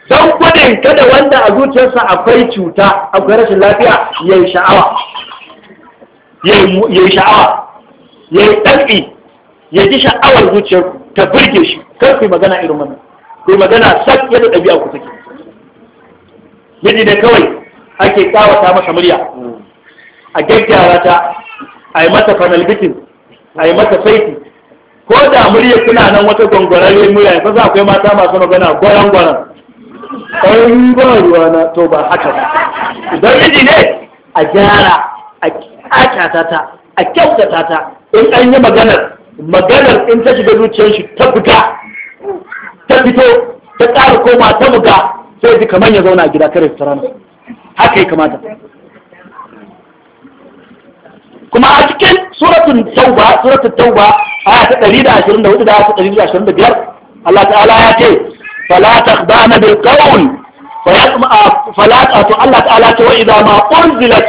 Speaker 1: don gudun kada wanda a zuciyarsa akwai cuta akwai rashin lafiya ya yi sha'awa ya yi ya ji sha'awar zuciyarku, ta burge shi kar ku magana irin wannan ku magana sak yadda ɗabi'a ku take yadda da kawai ake tsawata masa murya a gaggawa ta a yi mata panel bikin a yi mata saiti ko da murya suna nan wata gwangwararre murya ya fasa akwai mata masu magana gwaran gwaran ƙwarin ba ruwa na to ba haka ba idan yadda ne a gyara a kyakata ta a kyautata ta in an yi maganar maganar in ta shiga zuciyar shi ta fita ta fito ta ƙara koma ta buga sai ji kamar ya zauna a gida kare fita rana haka ya kamata kuma a cikin suratun tauba suratun tauba aya ta 124 da aya ta 125 Allah ta'ala ya ce fala takhdana bil qawl fala ta'tu Allah ta'ala ce wa idza ma unzilat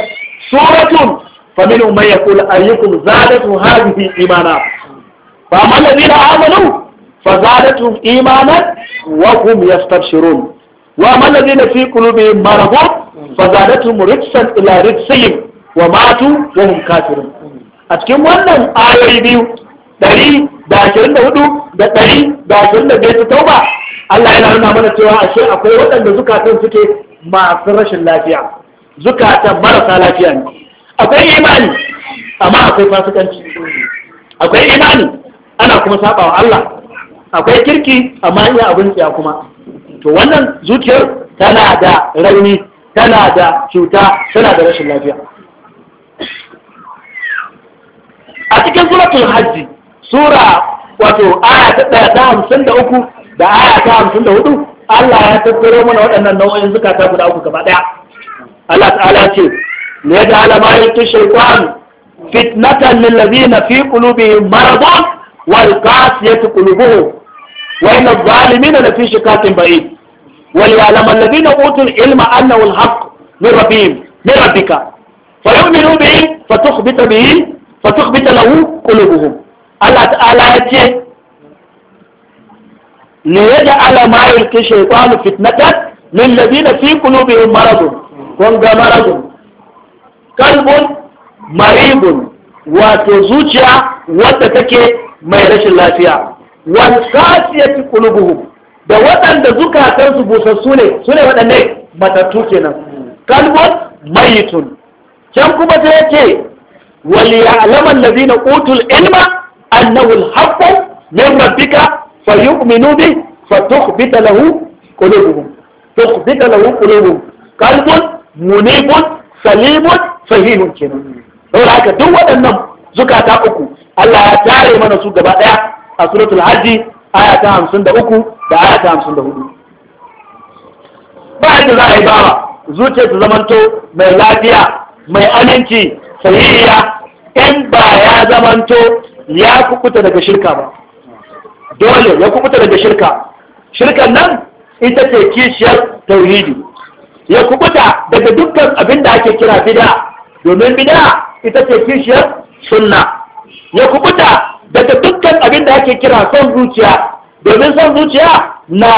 Speaker 1: suratun faminhum man yaqul ayyukum zadatu hadhihi imana fa amma alladhina amanu فزادتهم إيمانا وهم يستبشرون وما الذين في قلوبهم مرض فزادتهم رجسا إلى رجسهم وماتوا وهم كافرون أتكلم وانا آية بيو داري da دهدو da داشرين دهدو التوبة Allah yana nuna mana cewa ashe akwai waɗanda zukatan suke masu rashin lafiya zukatan marasa lafiya ne akwai imani amma akwai fasikanci akwai imani ana kuma sabawa Allah akwai kirki amma iya abin tsaya kuma to wannan zuciyar tana da rauni tana da cuta tana da rashin lafiya a cikin suratul hajji sura wato aya ta ɗaya hamsin da uku da aya ta hamsin da hudu Allah ya tattaro mana waɗannan nau'in zukata guda uku gaba ɗaya Allah ta'ala ce ne da alama ta shaitan fitnatan lil na fi qulubihim maradun wal qasiyati qulubuhum wa inna zalimina lafi shikakin ba'id wa ya'lamu alladhina utul ilma annahu al-haqq min rabbihim min rabbika fa yu'minu bihi fatukhbita bihi fatukhbita lahu qulubuhum Allah ta'ala yace ne yaja ala ma yulki shaytanu fitnatan lil ladina fi qulubihim maradun kun maradun wato zuciya wadda take mai rashin lafiya wasasiyati qasiyati da waɗanda zukatansu busassu ne su ne waɗanne matattu kenan kalbun mayitun can kuma ta yake wal ya'lamu alladhina utul ilma annahu alhaqqu min rabbika fayu'minu bi fatukhbita lahu qulubuhum tukhbita lahu qulubuhum kalbun munibun salimun fahihun kenan Don haka duk waɗannan zukata uku Allah ya tare mana su gaba ɗaya a suratul hajji aya ta hamsin da uku da aya ta hamsin da hudu ba yadda za a yi bawa zuciya su zamanto mai lafiya mai aminci sahihiya in ba ya zamanto ya kukuta daga shirka ba dole ya kukuta daga shirka shirkan nan ita ce kishiyar tauhidi ya kukuta daga dukkan abin da ake kira bida domin bida ita ce kishiyar sunna ya kubuta daga dukkan abin da ake kira son zuciya domin son zuciya na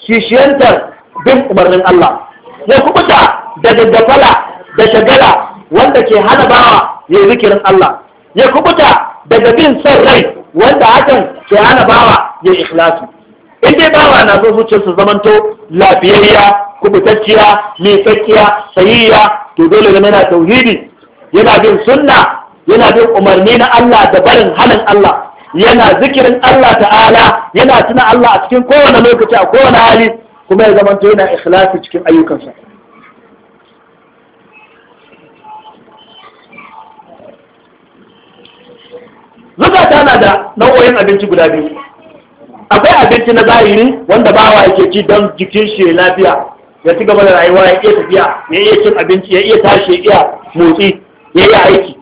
Speaker 1: kishiyantar bin umarnin Allah ya kubuta daga dafala da shagala wanda ke hana bawa ya yi zikirin Allah ya kubuta daga bin son rai wanda hakan ke hana bawa ya ikhlasi in dai bawa na son zuciyar su zamanto lafiyayya kubutacciya mai tsakiya, sayayya to dole zama yana tauhidi yana bin sunna yana bin umarni na Allah da barin halin Allah yana zikirin Allah ta'ala yana tuna Allah a cikin kowane lokaci a kowane hali kuma ya zamanto yana ikhlasi cikin ayyukansa ta na da nau'o'in abinci guda biyu akwai abinci na zahiri wanda bawa yake ci don jikin shi ya lafiya ya ci gaba da rayuwa ya iya tafiya ya iya cin abinci ya iya tashi ya iya motsi ya iya aiki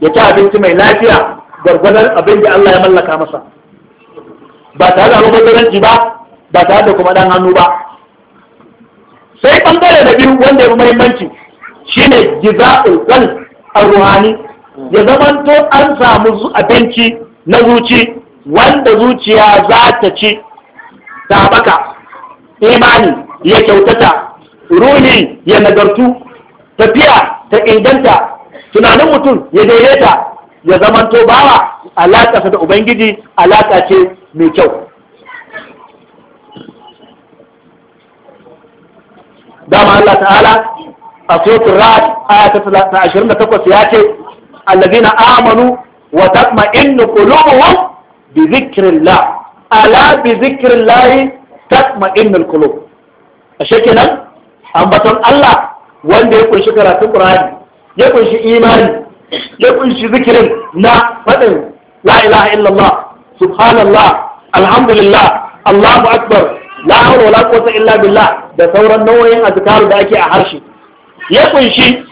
Speaker 1: ya ci abinci mai lafiya gwargwadon abin da Allah ya mallaka masa ba tare da almubazzaranci ba ba tare da kuma ɗan hannu ba sai ɓangare da biyu wanda ya fi muhimmanci ne giza qalb a ruhani ya zamanto an samu abinci na zuci wanda zuciya za ta ci ta baka imani ya kyautata ruhi ya nagartu tafiya ta inganta tunanin mutum ya daidaita ya zamanto bawa alaƙa da ubangiji alaƙa ce mai kyau dama Allah ta'ala a suratul ra'd 28 ya ce allazina amanu wa tatma'innu qulubuhum bi la, ala bi dhikrillah tatma'innul qulub ashe kenan ambaton Allah wanda ya kunshi karatun Qur'ani ya kunshi imani ya kunshi zikirin na faɗin la ilaha illallah subhanallah alhamdulillah allahu akbar la hawla wala quwwata illa billah da sauran nau'o'in azkaru da ake a harshe ya kunshi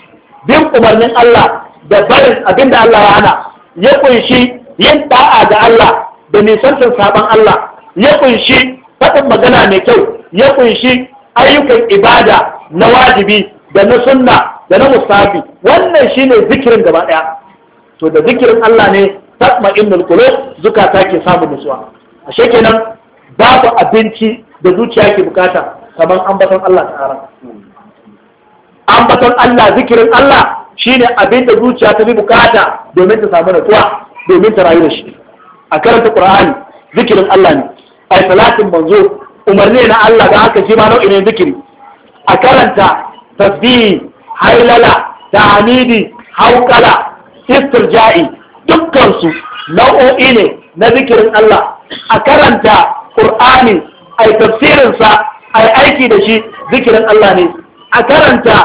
Speaker 1: bin umarnin Allah da barin abin da Allah ya hana ya kunshi yin da'a ga Allah da nisantar sabon Allah ya kunshi faɗin magana mai kyau ya kunshi ayyukan ibada na wajibi da na sunna da na musafi wannan shine zikirin gaba daya to da zikirin Allah ne tatma innul qulub zukata ke samu nutsuwa ashe kenan babu abinci da zuciya ke bukata kamar ambaton Allah ta'ala ambaton Allah zikirin Allah shine abin da zuciya ta bi bukata domin ta samu nutsuwa domin ta rayu da shi a karanta Qur'ani zikirin Allah ne ai salatin manzo umarni na Allah da aka ji ma nau'in zikiri a karanta tasbih hailala ta'anidi haukala istirja'i dukkansu nau'o'i ne na zikirin Allah a karanta ƙur'ani ai tafsirinsa ai aiki da shi zikirin Allah ne a karanta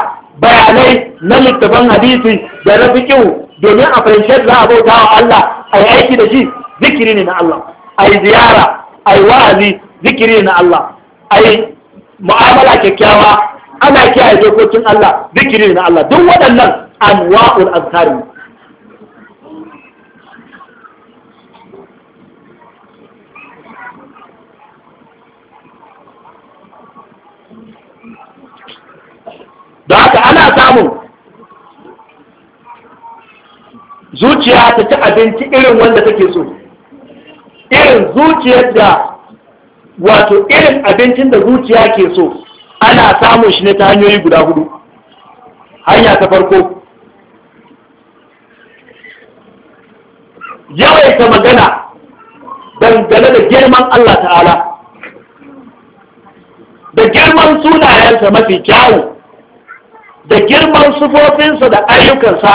Speaker 1: bayanai na littafin hadisi da na fikihu domin a fahimtar za a bauta wa Allah a yi aiki da shi zikiri ne na Allah a yi ziyara a yi wa'azi zikiri ne na Allah a yi mu'amala kyakkyawa ana kiyaye dokokin Allah zikiri na Allah duk waɗannan anwa'ul azkari da haka ana samun zuciya ta ci abinci irin wanda take so irin zuciyar da wato irin abincin da zuciya ke so ana samun shi ne ta hanyoyi guda hudu hanya ta farko yawaita magana dangane da girman Allah ta'ala da girman sunayensa mafi kyawu da girman sufofinsa da ayyukansa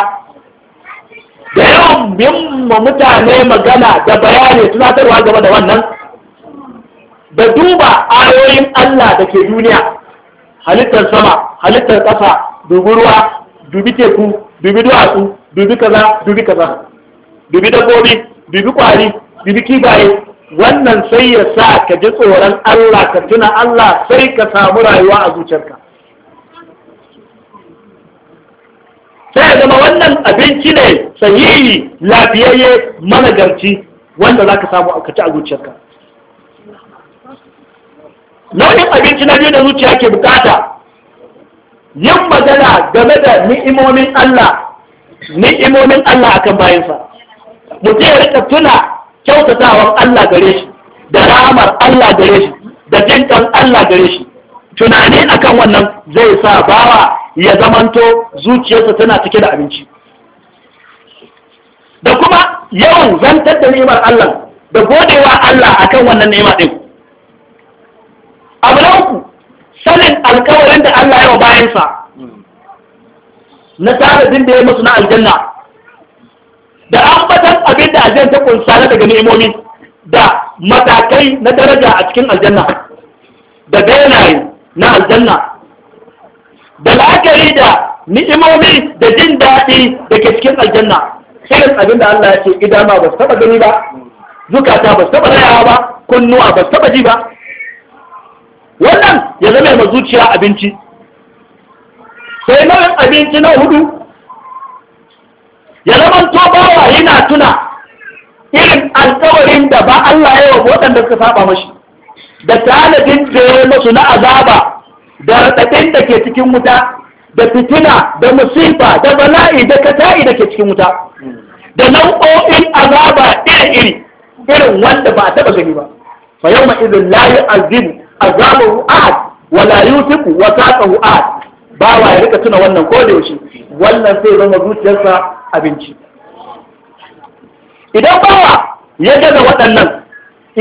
Speaker 1: da yawan ma mutane magana da bayani tunatarwa game da wannan da duba ayoyin Allah da ke duniya halittar sama halittar ƙasa dubi ruwa dubi teku dubi duwatsu dubi kaza dubi kaza dubi dabbobi dubi kwari dubi kibaye wannan sai ya sa ka ji tsoron Allah ka tuna Allah sai ka samu rayuwa a zuciyarka sai ya zama wannan abinci ne sahihi lafiyayye managarci wanda za ka samu a a zuciyarka nau'in abinci na biyu da zuciya ke bukata yin magana game da ni'imomin Allah ni'imomin Allah akan bayansa mutum ya rika tuna kyautatawan Allah gare shi da ramar Allah gare shi da jinkan Allah gare shi tunani akan wannan zai sa bawa ya zamanto zuciyarsa tana cike da abinci da kuma yawan zantar da ni'imar Allah da godewa Allah akan wannan ni'ima din abu na sanin alkawarin da Allah yawa bayansa na tanadin da ya musu na aljanna da ambatan abin da aljanna ta kunsa na daga ni'imomi da matakai na daraja a cikin aljanna da benaye na aljanna da la'akari da ni'imomi da jin daɗi da ke cikin aljanna irin abin da Allah ya ce idama ba su taɓa gani ba zukata ba su taɓa rayawa ba kunnuwa ba su taɓa ji ba wannan ya zama ma zuciya abinci sai nau'in abinci na hudu ya zama to bawa yana tuna irin alkawarin da ba Allah ya yi wa waɗanda suka saba mashi da tanadin da ya masu na azaba da raɗaɗin da ke cikin wuta da fitina da musifa da bala'i da kata'i da ke cikin wuta da nau'o'in azaba iri-iri irin wanda ba a taɓa gani ba fa yau ma izin layi azibu azamahu ahad wala yusiku wa saqahu ahad bawa ya rika tuna wannan ko da yaushe wannan sai zama zuciyarsa abinci idan bawa ya gaza waɗannan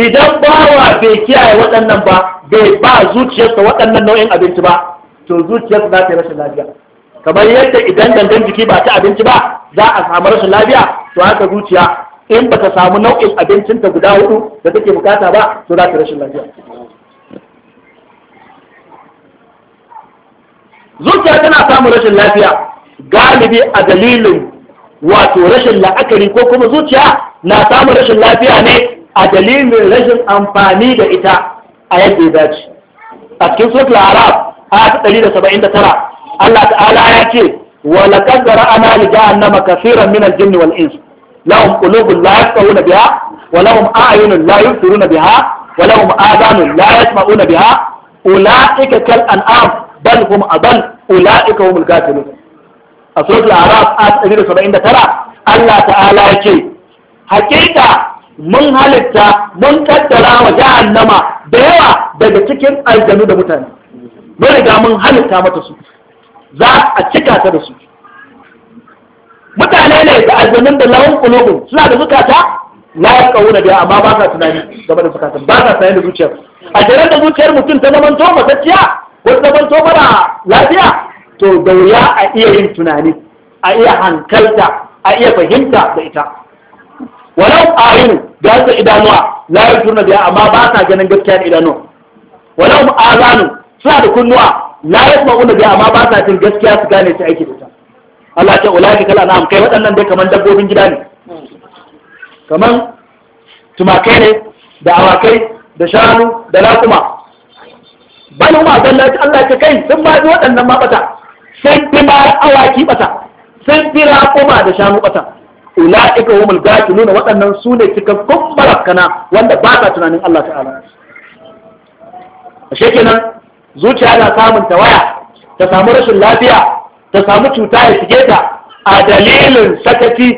Speaker 1: idan bawa bai kiyaye waɗannan ba bai ba zuciyarsa waɗannan nau'in abinci ba to zuciyarsa za ta yi rashin lafiya kamar yadda idan gangan jiki ba ta abinci ba za a samu rashin lafiya to haka zuciya in ba ta samu nau'in abincinta guda hudu da take bukata ba to za ta rashin lafiya zuciya tana samun rashin lafiya galibi a dalilin wato rashin la'akari ko kuma zuciya na samun rashin lafiya ne a dalilin rashin amfani da ita a yadda ya dace a cikin suratul arab ayat 179 Allah ta'ala ya ce wa laqad zara'na li jahannama kaseeran min al-jinn wal ins lahum qulubun la yafqahuna biha wa lahum a'yunun la yubsiruna biha wa lahum adhanun la yasma'una biha ulaika kal an'am bal hum adal ulaika humul kafirun a suratul araf a 179 Allah ta'ala yake hakika mun halitta mun kaddara wa jahannama da yawa daga cikin aljanu da mutane mun riga mun halitta mata su za a cika ta da su mutane ne da aljanun da lawan kulubu suna da zukata la ya kauna da amma ba sa tunani game da zukata, ba sa sayar da zuciyar a da zuciyar mutum ta zaman to matacciya kun zaman to mara lafiya to da wuya a iya yin tunani a iya hankalta a iya fahimta da ita walau ayinu da hasa idanuwa la yutuna biya amma ba sa ganin gaskiya da idanuwa walau azanu suna da kunnuwa la yasma'una biya amma ba sa jin gaskiya su gane su aiki da ita Allah ce, ce kala na'am kai waɗannan dai kaman dabbobin gida ne kaman tumakai ne da awakai da shanu da laƙuma bal zan zallati Allah ka kai sun ba waɗannan ma bata sun fi ma awaki bata sun fi raƙuma da shanu bata ula'ika humul gafiluna waɗannan su ne cikakkun malakana wanda ba sa tunanin Allah ta'ala ashe kenan zuciya na samun tawaya ta samu rashin lafiya ta samu cuta ya shige ta a dalilin sakaci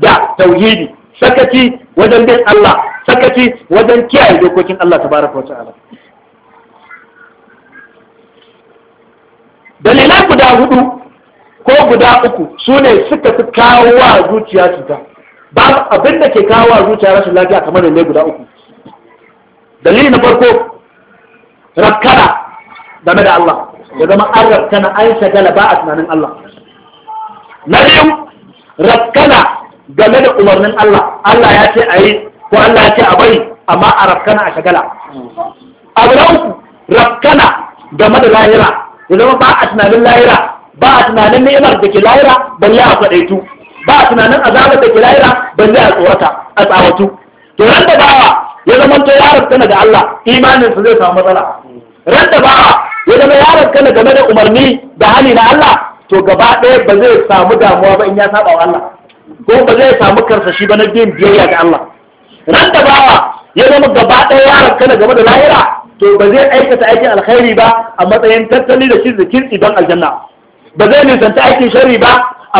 Speaker 1: da tauhidi sakaci wajen bin Allah sakaci wajen kiyaye dokokin Allah tabaraka dalilai guda hudu ko guda uku su ne suka fi kawo wa zuciya cuta ba abin da ke kawo wa zuciya rashin lafiya kamar ne guda uku dalili na farko rakkara game da Allah ya zama an rakkana an shagala ba a tunanin Allah na biyu rakkana game da umarnin Allah Allah ya ce a yi ko Allah ya ce a bari amma a rakkana a shagala abu na uku rakkana game da lahira ya zama ba a tunanin lahira ba a tunanin ni'imar da ke lahira yi a faɗaitu ba a tunanin azabar da ke lahira balle a tsorata a tsawatu to ran da bawa ya zama to kana da Allah imaninsa zai samu matsala ran da bawa ya zama yaran kana game da umarni da hali na Allah to gaba ɗaya ba zai samu damuwa ba in ya saba wa Allah ko ba zai samu karsashi ba na bin biyayya ga Allah ran da bawa ya zama gaba ɗaya kana game da lahira to ba zai aikata aikin alkhairi ba a matsayin tattali da shi zikin idan aljanna ba zai nisanta aikin shari ba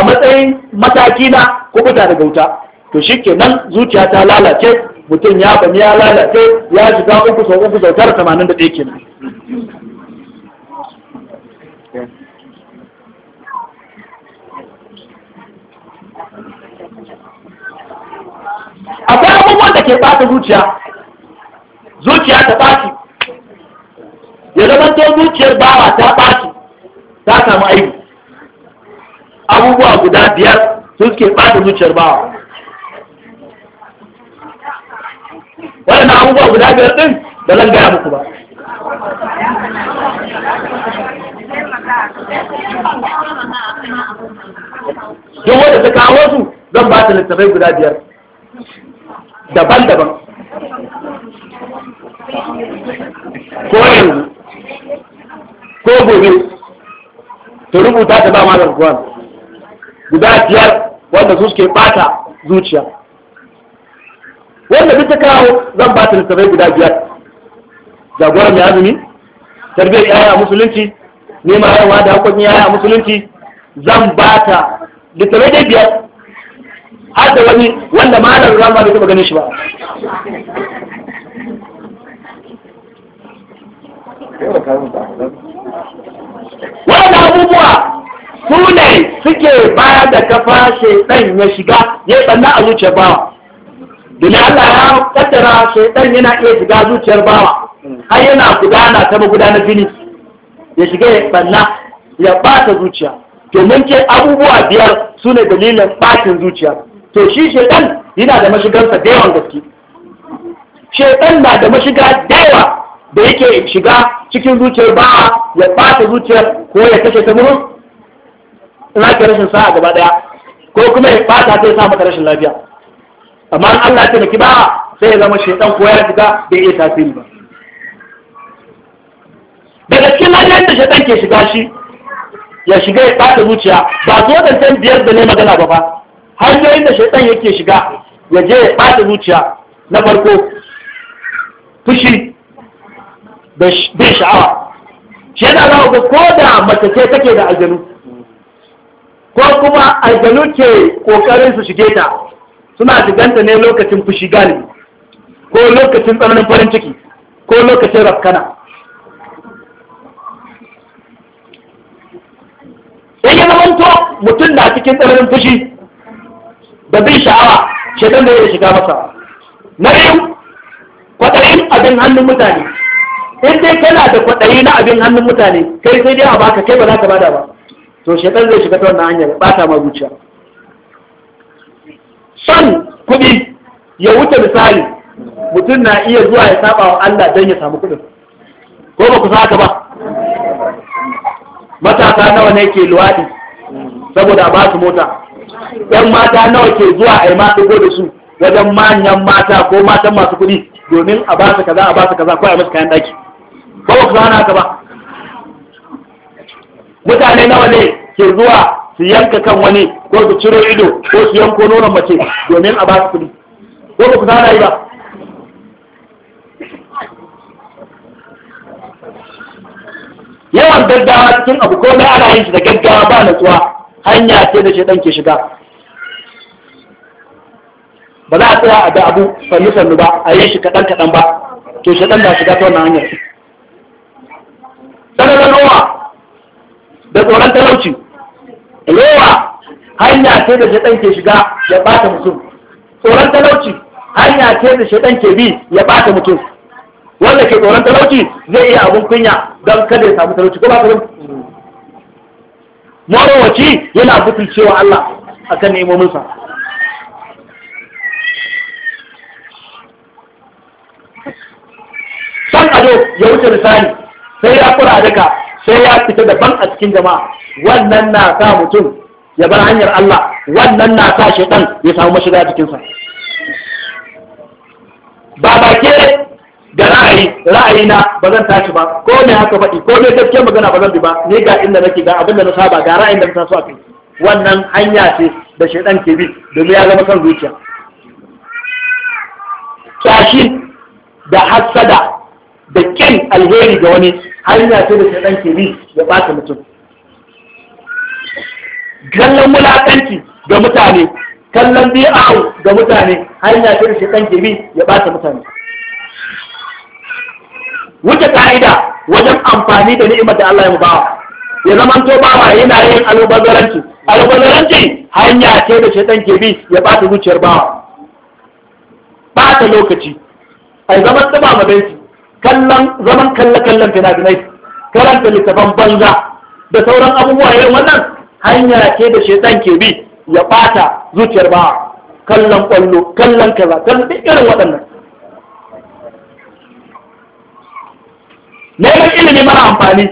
Speaker 1: a matsayin mataki na kubuta da gauta? to shi kenan zuciya ta lalace mutum ya bani ya lalace ya shiga uku sau uku sau tara tamanin da ɗaya kenan akwai abubuwan da ke ɓata zuciya zuciya ta ɓaci ya zama to zuciyar bawa ta ɓaci ta samu aiki abubuwa guda biyar su suke ɓata zuciyar bawa waɗanda abubuwa guda biyar ɗin da zan gaya muku ba don wanda ta kawo su zan ba ta littafai guda biyar daban-daban ko yanzu ko gobe ta rubuta ta ba malam kuwan guda biyar wanda su suke bata zuciya wanda duk ta kawo zan ba ta littafai guda biyar jagoran mai azumi tarbiyyar yaya musulunci neman harawa da hakokin yaya musulunci zan ba ta littafai dai biyar har da wani wanda malam ba da taba ganin shi ba Thank you. wannan abubuwa sune suke baya da kafa shaidan ya shiga ya tsanna a zuciyar bawa domin Allah ya kaddara shaidan yana iya shiga zuciyar bawa har yana gudana ta magudanar jini ya shiga ya tsanna ya bata zuciya domin ke abubuwa biyar su ne dalilin batin zuciya to shi shaidan yana da mashigarsa da yawan gaske shaidan na da mashiga dawa. da yake shiga cikin zuciyar ba ya ɓata zuciyar ko ya kashe ta muru ina ke rashin sa'a gaba ɗaya ko kuma ya ɓata ta ya sa mata rashin lafiya amma an Allah ya ki ba sai ya zama shaitan ko ya shiga bai iya tasiri ba daga cikin lafiyar da shaitan ke shiga shi ya shiga ya ɓata zuciya ba su wadancan biyar da ne magana ba ba hanyoyin da shaitan yake shiga ya je ya ɓata zuciya na farko fushi bai sha'awa shi yana za ko da mace ce take da aljanu ko kuma aljanu ke kokarin su shige ta suna shiganta ne lokacin fushi galibi ko lokacin tsananin farin ciki ko lokacin rafkana in yi zamanto mutum na cikin tsananin fushi da bin sha'awa shekan da ya shiga masa na yi kwatsayin abin hannun mutane in dai kana da kwaɗayi na abin hannun mutane kai sai dai a baka kai ba za ka bada ba to shekar zai shiga ta wannan hanyar ba ta ma zuciya son kuɗi ya wuce misali mutum na iya zuwa ya saba wa Allah don ya samu kuɗin ko ba ku saka ba matasa nawa ne ke luwaɗi saboda a basu mota yan mata nawa ke zuwa a yi maɗigo da su wajen manyan mata ko matan masu kuɗi domin a basu kaza a basu kaza ko a yi masu kayan ɗaki ba ba su hana ka ba mutane nawa ne ke zuwa su yanka kan wani ko su ciro ido ko su yanko nonon mace domin a ba su kuɗi ko ba ku hana yi ba yawan gaggawa cikin abu ko mai ana yin shi da gaggawa ba natsuwa hanya ce da shaidan ke shiga ba za a tsaya a da abu sannu sannu ba a yi shi kaɗan kaɗan ba to shaidan na shiga ta wannan hanyar sadaka rowa da tsoron talauci rowa hanya ce da shaɗan ke shiga ya ɓata mutum tsoron talauci hanya ce da shaɗan ke bi ya ɓata mutum wanda ke tsoron talauci zai iya abun kunya don kada ya samu talauci ko ba ka marowaci yana butulcewa Allah akan nemominsa san ado ya wuce misali sai ya kura daga sai ya fita daban a cikin jama'a wannan na sa mutum ya bar hanyar Allah wannan na sa shaitan ya samu mashiga jikinsa ba ba ke da ra'ayi ra'ayi na ba zan tashi ba ko me haka faɗi ko me gaskiya magana ba zan bi ba ne ga inda nake ga abinda na saba ga ra'ayin da na taso a kai wannan hanya ce da shaitan ke bi domin ya zama son zuciya tashi da hassada da kin alheri ga wani hanya ce da shaidan ke bi ya ɓata mutum kallon wulaƙanci ga mutane kallon bi'a'u ga mutane hanya ce da shaidan ke bi ya ɓata mutane wuce ka'ida wajen amfani da ni'imar da Allah ya mu bawa ya zaman to bawa yana yin albazaranci albazaranci hanya ce da shaitan ke bi ya bata zuciyar bawa bata lokaci a zaman tsaba madanci kallon zaman kalle kallon fina-finai karanta littafan banza da sauran abubuwa yau wannan hanya ke da shaitan ke bi ya bata zuciyar ba kallon kwallo kallon kaza kallon duk irin waɗannan neman ilimi mara amfani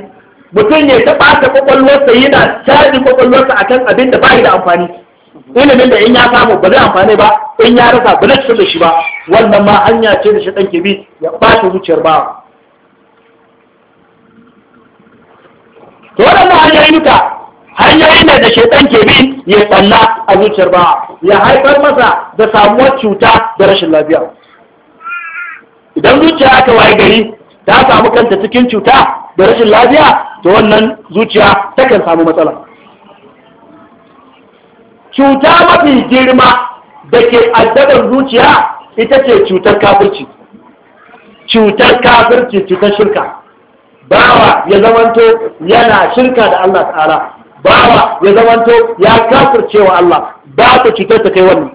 Speaker 1: mutum ne ta bata kwakwalwarsa yana shaɗin kwakwalwarsa kan abin da bai da amfani ilimin da in ya samu ba zai amfani ba in ya rasa ba na da shi ba wannan ma hanya ce da shaɗan ke bi ya ɓata zuciyar ba to waɗannan hanyoyin duka hanyoyin da shaɗan ke bi ya tsalla a zuciyar ba ya haifar masa da samuwar cuta da rashin lafiya idan zuciya aka waye gari ta samu kanta cikin cuta da rashin lafiya to wannan zuciya takan samu matsala cuta mafi girma da ke addaban zuciya ita ce cutar kafirci cutar kafirci cutar shirka bawa ya zamanto yana shirka da Allah ta'ala bawa ya zamanto ya kafirce wa Allah ba ta cutar ta kai wannan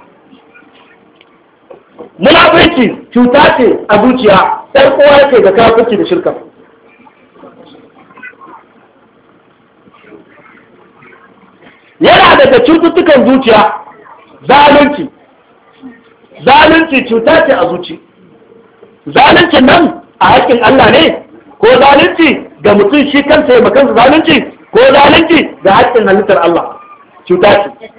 Speaker 1: munafurci cuta ce a zuciya ɗan uwa yake ga kafirci da shirka yana daga cututtukan zuciya zalunci zalunci cuta ce a zuci zaluncin nan a haƙƙin Allah ne ko zalunci ga mutum shi kansa ya makansa zalunci ko zalunci ga haƙƙin halittar Allah cuta ce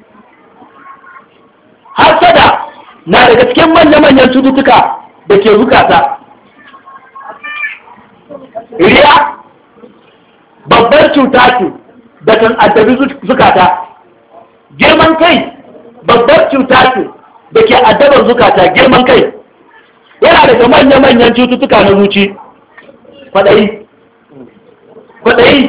Speaker 1: hasada na daga cikin manya-manyan cututtuka da ke zukata riya babbar cuta ce da kan addabi zukata girman kai babbar cuta ce da ke addabar zukata girman kai yana daga manya-manyan cututtuka na zuci kwaɗayi kwaɗayi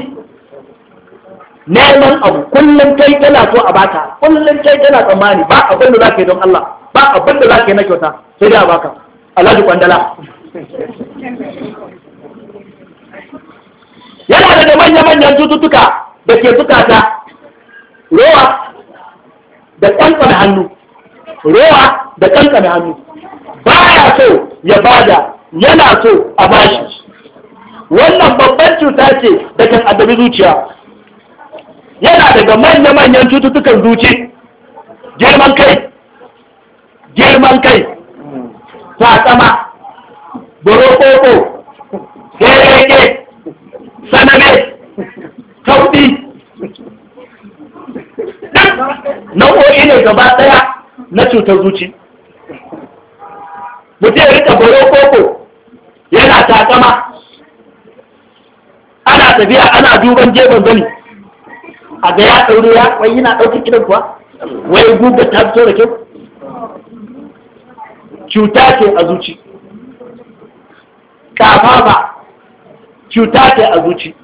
Speaker 1: neman abu kullum kai tana so a baka kullum kai tana tsammani ba abin da za ka yi don Allah ba abin da za ka yi na kyauta sai dai a baka ji kwandala yana daga manya-manyan cututtuka da ke zukata rowa da tsantsan hannu rowa da ƙanƙananu hannu ba ya so ya bada yana so a bashi wannan babban cuta ce da kan addabi zuciya yana daga manya-manyan cututtukan zuci girman kai girman kai kwatsama burokoko sanane kauɗi ɗan nau'o'i ne gaba ɗaya na cutar zuci mutum ya rika baro koko yana takama ana tafiya ana duban jeban zani a ga ya ɗaure ya wai yana ɗauki kidan kuwa wai guga ta fito da kyau cuta ce a zuci kafafa cuta ce a zuci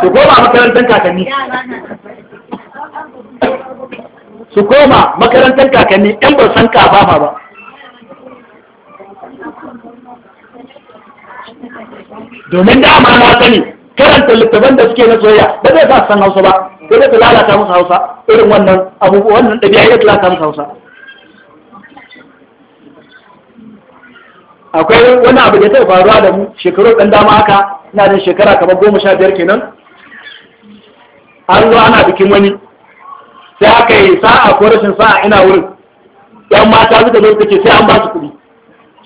Speaker 1: su koma makarantar kakanni su koma makarantar kakanni ɗan ba san kafafa ba domin dama na sani karanta littafan da suke na soyayya ba zai sa san hausa ba ko zai lalata musu hausa irin wannan abubuwa wannan ɗabi'a ya lalata musu hausa akwai wani abu da ta faruwa da mu shekaru ɗan dama haka na da shekara kamar goma sha biyar kenan an zo ana bikin wani sai aka yi sa'a ko rashin sa'a ina wurin yan mata suka zo suke sai an ba su kuɗi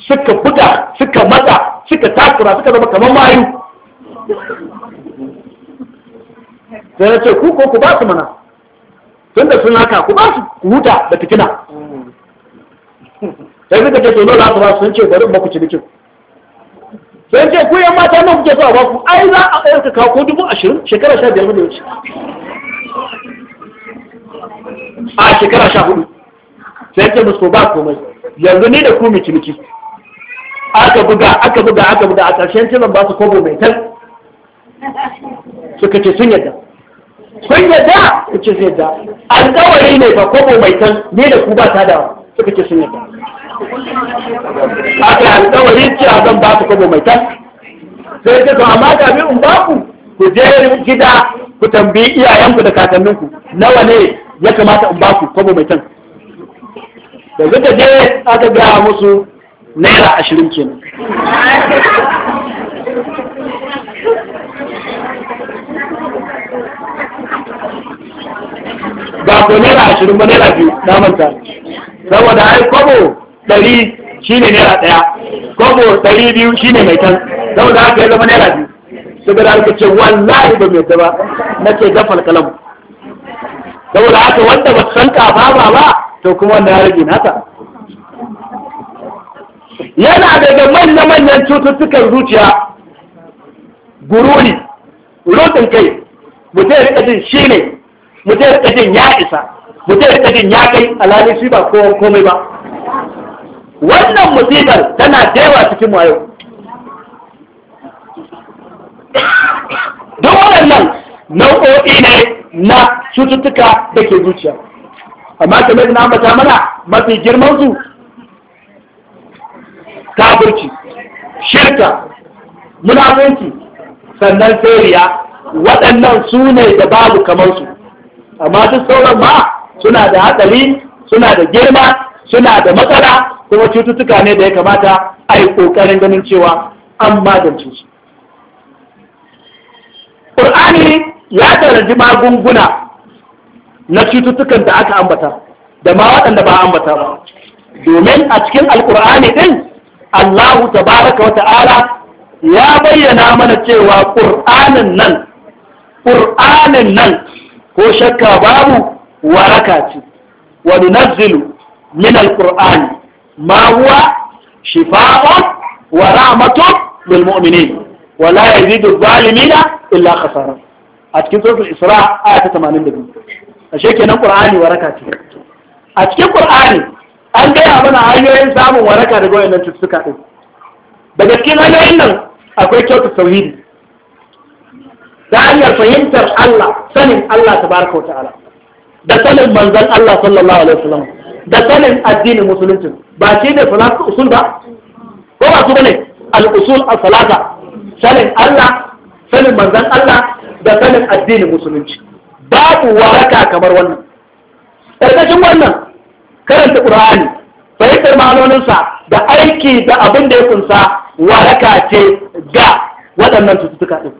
Speaker 1: suka buga suka matsa suka takura suka zama kamar mayu sai na ce ku ko ku ba su mana tun da sun haka ku ba su huta da fitina sai suka ce tono za su ba sun ce bari ba ku ci bikin sai ce ku yan mata nan kuke so a ba ku ai za a ɗaya ka kawo ko dubu ashirin shekara sha biyar da ya wuce a shekara sha hudu sai ke musu ba komai yanzu ni da ku mu ciniki aka buga aka buga aka buga a ƙarshen ce ba su kobo mai tan suka ce sun yadda sun yadda suka ce sun yadda alƙawari ne ba kobo mai tan ni da ku ba ta da suka ce sun yadda
Speaker 2: aka alƙawari
Speaker 1: ce a zan ba su kobo mai tan sai ce to amma kafin in ba ku ku je gida ku tambayi iyayenku da kakanninku nawa ne ya kamata in baku kwabo mai can da suka je aka gaya musu naira ashirin kenan ba ko naira ashirin ba naira biyu na manta saboda ai kwabo ɗari ne naira ɗaya kwabo ɗari biyu shi ne mai can saboda haka ya zama naira biyu saboda haka ce wallahi ba mai ba ke gafal kalam saboda haka wanda ba san kafafa ba to kuma wanda ya rage nata yana daga manya-manyan cututtukan zuciya gururi rotin kai mutum ya rika jin shi ne mutum ya rika jin ya isa mutum ya rika jin ya kai alhali shi ba komai ba wannan musibar tana yawa cikin wayo duk waɗannan nau'o'i ne na cututtuka da ke zuciya amma kamar na ambata mana mafi girman su kafirci shirka munafunci sannan tsariya waɗannan su ne da babu kamar su amma su sauran ma suna da hatsari suna da girma suna da matsala kuma cututtuka ne da ya kamata a yi ƙoƙarin ganin cewa an magance su ƙur'ani ya taraji magunguna na cututtukan da aka ambata da ma waɗanda ba ambata ba domin a cikin alkur'ani din Allahu tabaraka wata'ala ya bayyana mana cewa ƙur'anin nan ƙur'anin nan ko shakka babu waraka ce wa nunazzilu min alqur'ani ma huwa shifaa'un wa rahmatun lil mu'minin wa la yazidu adh illa khasara a cikin suratul isra aya ta 82 ashe kenan qur'ani waraka ce a cikin qur'ani an gaya mana hanyoyin samun waraka daga wayannan cututtuka din daga cikin hanyoyin nan akwai kyautu tauhidi ta hanyar fahimtar Allah sanin Allah tabaraka wa ta'ala da sanin manzon Allah sallallahu alaihi wasallam da sanin addinin musulunci ba shi ne salatu usul ba ko ba su bane al-usul as-salata sanin Allah sanin manzon Allah da sanin addinin musulunci babu waraka kamar wannan ƙarƙashin wannan karanta ƙur'ani fahimtar ma'anoninsa da aiki da abin da ya kunsa waraka ce ga waɗannan cututtuka ɗin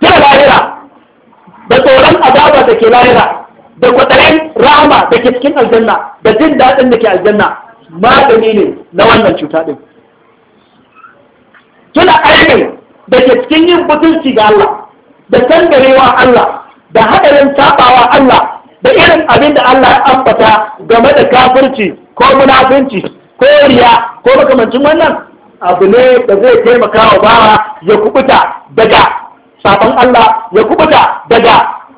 Speaker 1: tuna lahira da tsoron azaba da ke lahira da kwaɗayin rahama da ke cikin aljanna da jin daɗin da ke aljanna magani ne na wannan cuta ɗin tuna da ke cikin yin butulci ga Allah da tangarewa Allah da haɗarin taɓawa Allah da irin abin da Allah ya ambata game da kafirci ko munafinci ko riya ko makamancin wannan abu ne da zai taimaka wa bawa ya kubuta daga sabon Allah ya kubuta daga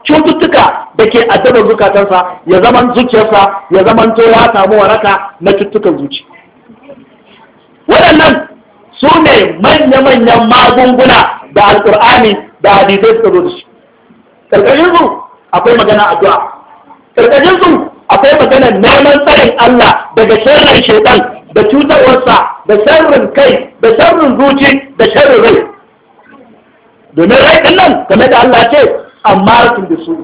Speaker 1: cututtuka da ke addabar zukatansa ya zaman zuciyarsa ya zaman to ya samu waraka na cututtukan zuci waɗannan su ne manya-manyan magunguna da alƙur'ani da hadisai suka zo da shi karkashin su akwai magana addu'a karkashin su akwai magana neman tsarin Allah daga sharrin shaitan da cutarwarsa da sharrin kai da sharrin zuci da sharrin rai domin rai din nan game da Allah ce amaratun bisu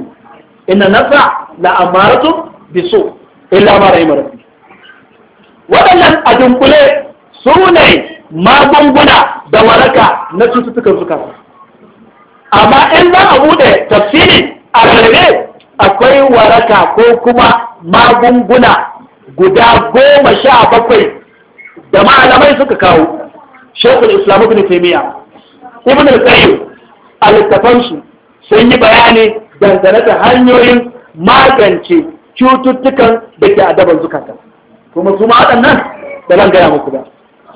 Speaker 1: inna nasa la amaratun bisu illa ma yi rabbi waɗannan a dunkule su ne magunguna da waraka na cututtukan zukata amma in za a bude tafsiri a rarrabe akwai waraka ko kuma magunguna guda goma sha bakwai da malamai suka kawo shekul islamu ibn taimiyya ibn al-qayyim a littafansu sun yi bayani dangane da hanyoyin magance cututtukan da ke adaban zukata kuma su ma waɗannan da zan gaya muku da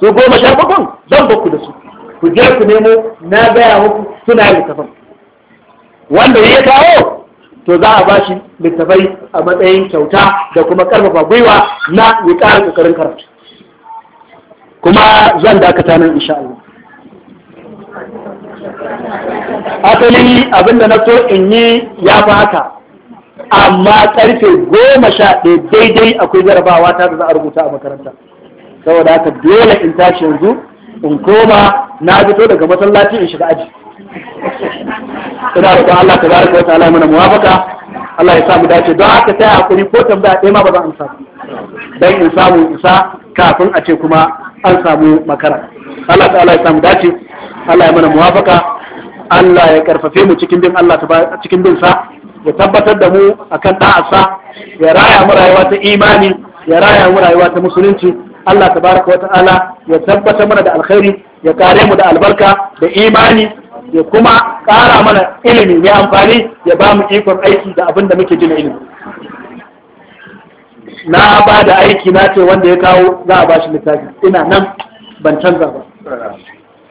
Speaker 1: su goma sha bakwai zan bakku da su ku je ku nemo na gaya muku suna littafin wanda ya kawo to za a bashi littafai a matsayin kyauta da kuma karfafa gwiwa na ya ƙara ƙoƙarin karatu kuma zan dakata nan insha Allah asali abinda na so in yi ya fi haka amma karfe goma sha ɗaya daidai akwai jarabawa ta da za a rubuta a makaranta saboda haka dole in tashi yanzu in koma na fito daga masallaci in shiga aji ina roƙon Allah tabaraka wa ta'ala mana muwafaka Allah ya samu dace don haka ta hakuri ko tambaya ɗaya ma ba za a samu dan in samu isa kafin a ce kuma an samu makara Allah ta'ala ya samu dace Allah ya mana muwafaka Allah ya karfafe mu cikin bin Allah cikin bin sa ya tabbatar da mu akan da'arsa ya raya mu rayuwa ta imani ya raya mu rayuwa ta musulunci Allah tabaraka wata'ala ya tabbatar mana da alkhairi ya kare mu da albarka da imani ya kuma kara mana ilimi mai amfani ya ba mu ikon aiki da abin da muke jin ilimi na ba da aiki na ce wanda ya kawo za a ba shi littafi ina nan ban canza ba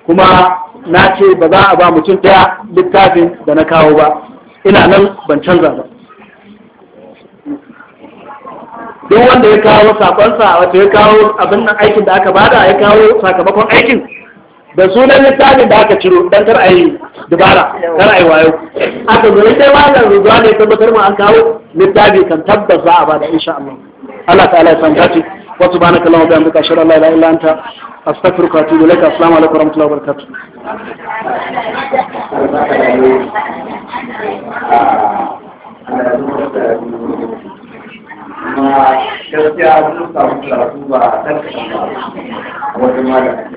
Speaker 1: kuma na ce ba za a ba mutum ɗaya littafin da na kawo ba ina nan ban canza ba duk wanda ya kawo sakonsa wato ya kawo abin nan aikin da aka bada ya kawo sakamakon aikin da sunan littafin da aka ciro dan kar a yi dubara kar a yi wayo aka zo sai da zuwa ne tabbatar mu an kawo littafi kan tabbas za a bada insha Allah Allah ta'ala ya santa ce wa subhanaka allahumma wa bihamdika ashhadu an la ilaha illa anta astaghfiruka wa atubu ilaik assalamu alaikum wa rahmatullahi wa
Speaker 2: barakatuh amma gaskiya sun samu karatu ba a kan kasa ba a wajen malam